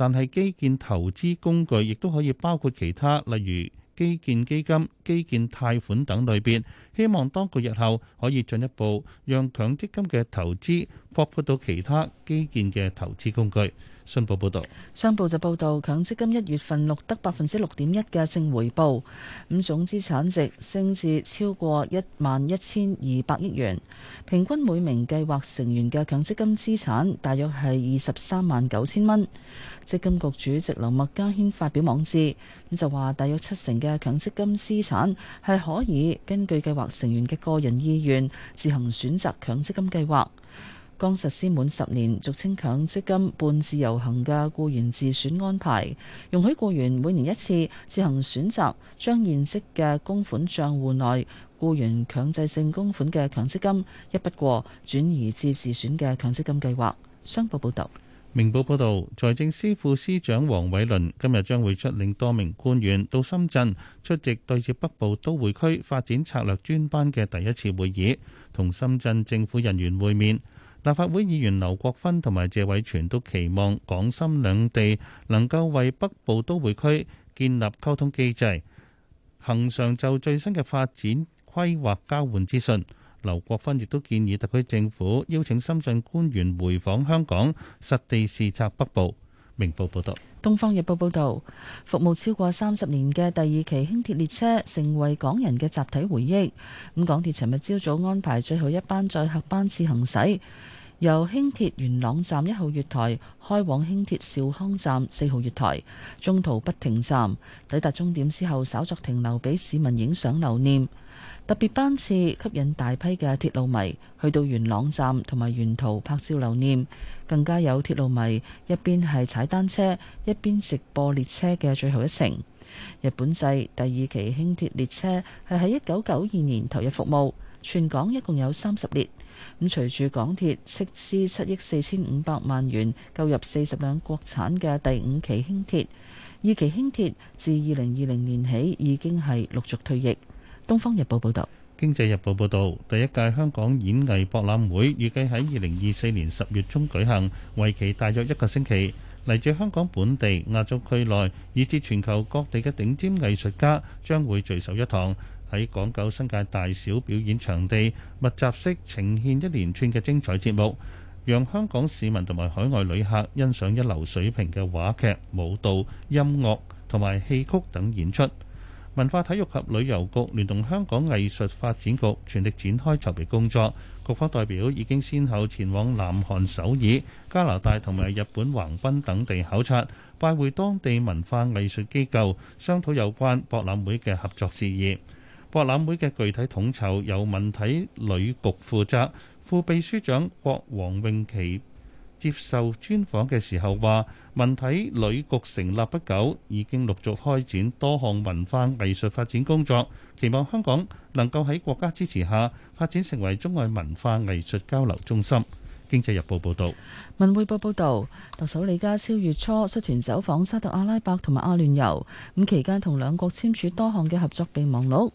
但係基建投資工具亦都可以包括其他，例如基建基金、基建貸款等類別，希望當局日後可以進一步讓強積金嘅投資擴闊到其他基建嘅投資工具。商報報導，商報就報導強積金一月份錄得百分之六點一嘅正回報，咁總資產值升至超過一萬一千二百億元，平均每名計劃成員嘅強積金資產大約係二十三萬九千蚊。積金局主席劉麥嘉軒發表網誌，咁就話大約七成嘅強積金資產係可以根據計劃成員嘅個人意願自行選擇強積金計劃。剛實施滿十年，俗稱強積金半自由行嘅雇員自選安排，容許雇員每年一次自行選擇，將現職嘅供款帳戶內雇員強制性供款嘅強積金，一筆過轉移至自選嘅強積金計劃。商報報導，明報報導，財政司副司長黃偉倫今日將會率領多名官員到深圳出席對接北部都會區發展策略專班嘅第一次會議，同深圳政府人員會面。立法會議員劉國勳同埋謝偉全都期望港深兩地能夠為北部都會區建立溝通機制。恆常就最新嘅發展規劃交換資訊，劉國勳亦都建議特區政府邀請深圳官員回訪香港，實地視察北部。明報報導，東方日報報導，服務超過三十年嘅第二期輕鐵列車成為港人嘅集體回憶。咁港鐵尋日朝早安排最後一班載客班次行駛，由輕鐵元朗站一號月台開往輕鐵兆康站四號月台，中途不停站，抵達終點之後稍作停留俾市民影相留念。特別班次吸引大批嘅鐵路迷去到元朗站同埋沿途拍照留念。更加有鐵路迷一邊係踩單車，一邊直播列車嘅最後一程。日本製第二期輕鐵列車係喺一九九二年投入服務，全港一共有三十列。咁隨住港鐵斥資七億四千五百萬元購入四十輛國產嘅第五期輕鐵，二期輕鐵自二零二零年起已經係陸續退役。《東方日報》報道。《經濟日報》報導，第一屆香港演藝博覽會預計喺二零二四年十月中舉行，為期大約一個星期。嚟自香港本地、亞洲區內以至全球各地嘅頂尖藝術家將會聚首一堂，喺港九新界大小表演場地密集式呈現一連串嘅精彩節目，讓香港市民同埋海外旅客欣賞一流水平嘅話劇、舞蹈、音樂同埋戲曲等演出。文化體育及旅遊局聯同香港藝術發展局全力展開籌備工作，局方代表已經先後前往南韓首爾、加拿大同埋日本橫濱等地考察，拜會當地文化藝術機構，商討有關博覽會嘅合作事宜。博覽會嘅具體統籌由文體旅局負責，副秘書長郭王永琪，接受專訪嘅時候話，文體旅局成立不久，已經陸續開展多項文化藝術發展工作，期望香港能夠喺國家支持下發展成為中外文化藝術交流中心。經濟日報報導，文匯報報導，特首李家超月初率團走訪沙特阿拉伯同埋阿聯酋，咁期間同兩國簽署多項嘅合作備忘錄。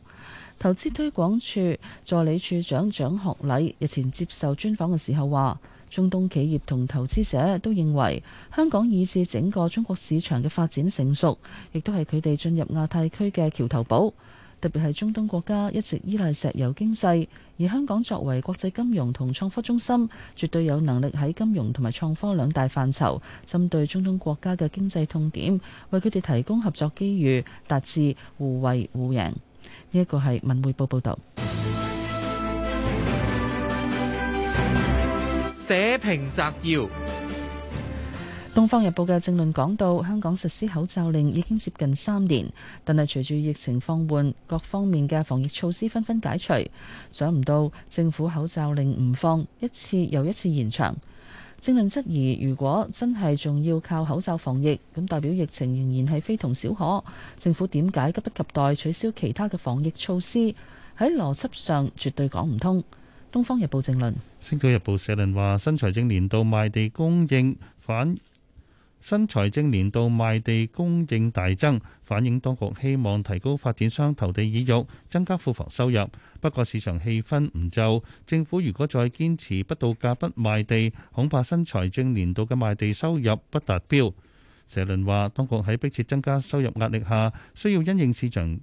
投資推廣署助理署長蔣學禮日前接受專訪嘅時候話。中東企業同投資者都認為，香港以至整個中國市場嘅發展成熟，亦都係佢哋進入亞太區嘅橋頭堡。特別係中東國家一直依賴石油經濟，而香港作為國際金融同創科中心，絕對有能力喺金融同埋創科兩大範疇，針對中東國家嘅經濟痛點，為佢哋提供合作機遇，達至互惠互贏。呢一個係文匯報報道。社評摘要，《東方日報》嘅政論講到，香港實施口罩令已經接近三年，但係隨住疫情放緩，各方面嘅防疫措施紛紛解除，想唔到政府口罩令唔放，一次又一次延長。政論質疑，如果真係仲要靠口罩防疫，咁代表疫情仍然係非同小可。政府點解急不及待取消其他嘅防疫措施？喺邏輯上絕對講唔通。《東方日報》正論，《星島日報》社論話：新財政年度賣地供應反新財政年度賣地供應大增，反映當局希望提高發展商投地意欲，增加庫房收入。不過市場氣氛唔就，政府如果再堅持不到價不賣地，恐怕新財政年度嘅賣地收入不達標。社論話：當局喺迫切增加收入壓力下，需要因應市場。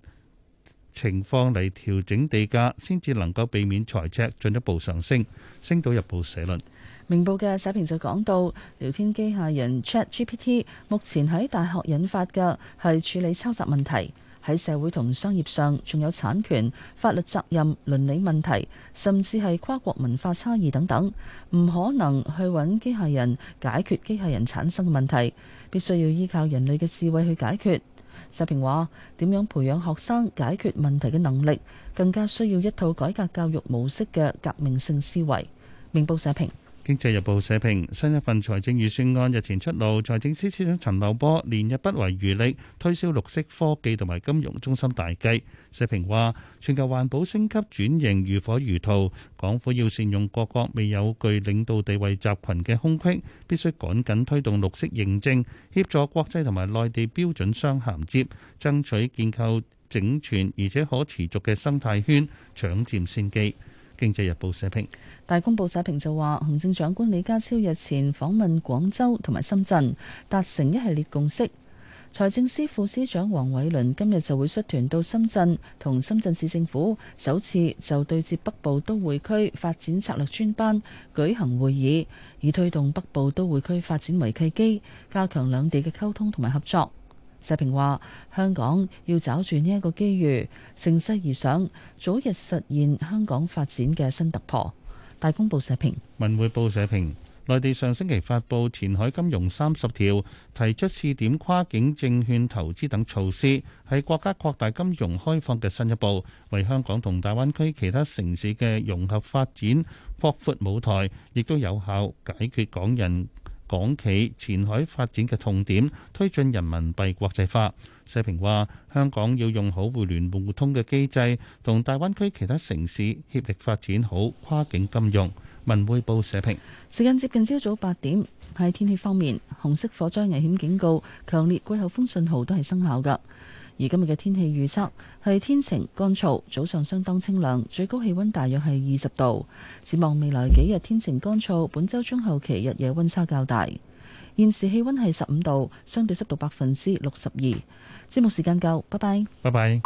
情況嚟調整地價，先至能夠避免財赤進一步上升。星島日報社論。明報嘅社評就講到，聊天機械人 Chat GPT 目前喺大學引發嘅係處理抄襲問題，喺社會同商業上仲有產權、法律責任、倫理問題，甚至係跨國文化差異等等，唔可能去揾機械人解決機械人產生嘅問題，必須要依靠人類嘅智慧去解決。社評話：點樣培養學生解決問題嘅能力，更加需要一套改革教育模式嘅革命性思維。明報社評。《經濟日報》社評：新一份財政預算案日前出爐，財政司司長陳茂波連日不遺餘力推銷綠色科技同埋金融中心大計。社評話：全球環保升級轉型如火如荼，港府要善用各國未有具領導地位集羣嘅空隙，必須趕緊推動綠色認證，協助國際同埋內地標準相銜接，爭取建構整全而且可持續嘅生態圈，搶佔先機。經濟日報社評。大公報社評就話，行政長官李家超日前訪問廣州同埋深圳，達成一系列共識。財政司副司長黃偉綸今日就會率團到深圳，同深圳市政府首次就對接北部都會區發展策略專班舉行會議，以推動北部都會區發展為契機，加強兩地嘅溝通同埋合作。社評話：香港要抓住呢一個機遇，乘勢而上，早日實現香港發展嘅新突破。大公報社評、文匯報社評，內地上星期發布《前海金融三十條》，提出試點跨境證券投資等措施，係國家擴大金融開放嘅新一步，為香港同大灣區其他城市嘅融合發展擴闊舞台，亦都有效解決港人。港企前海發展嘅痛點，推進人民幣國際化。社評話，香港要用好互聯互通嘅機制，同大灣區其他城市協力發展好跨境金融。文匯報社評。時間接近朝早八點，喺天氣方面，紅色火災危險警告，強烈季候風信號都係生效噶而今日嘅天氣預測係天晴乾燥，早上相當清涼，最高氣溫大約係二十度。展望未來幾日天晴乾燥，本周中後期日夜溫差較大。現時氣溫係十五度，相對濕度百分之六十二。節目時間夠，拜拜，拜拜。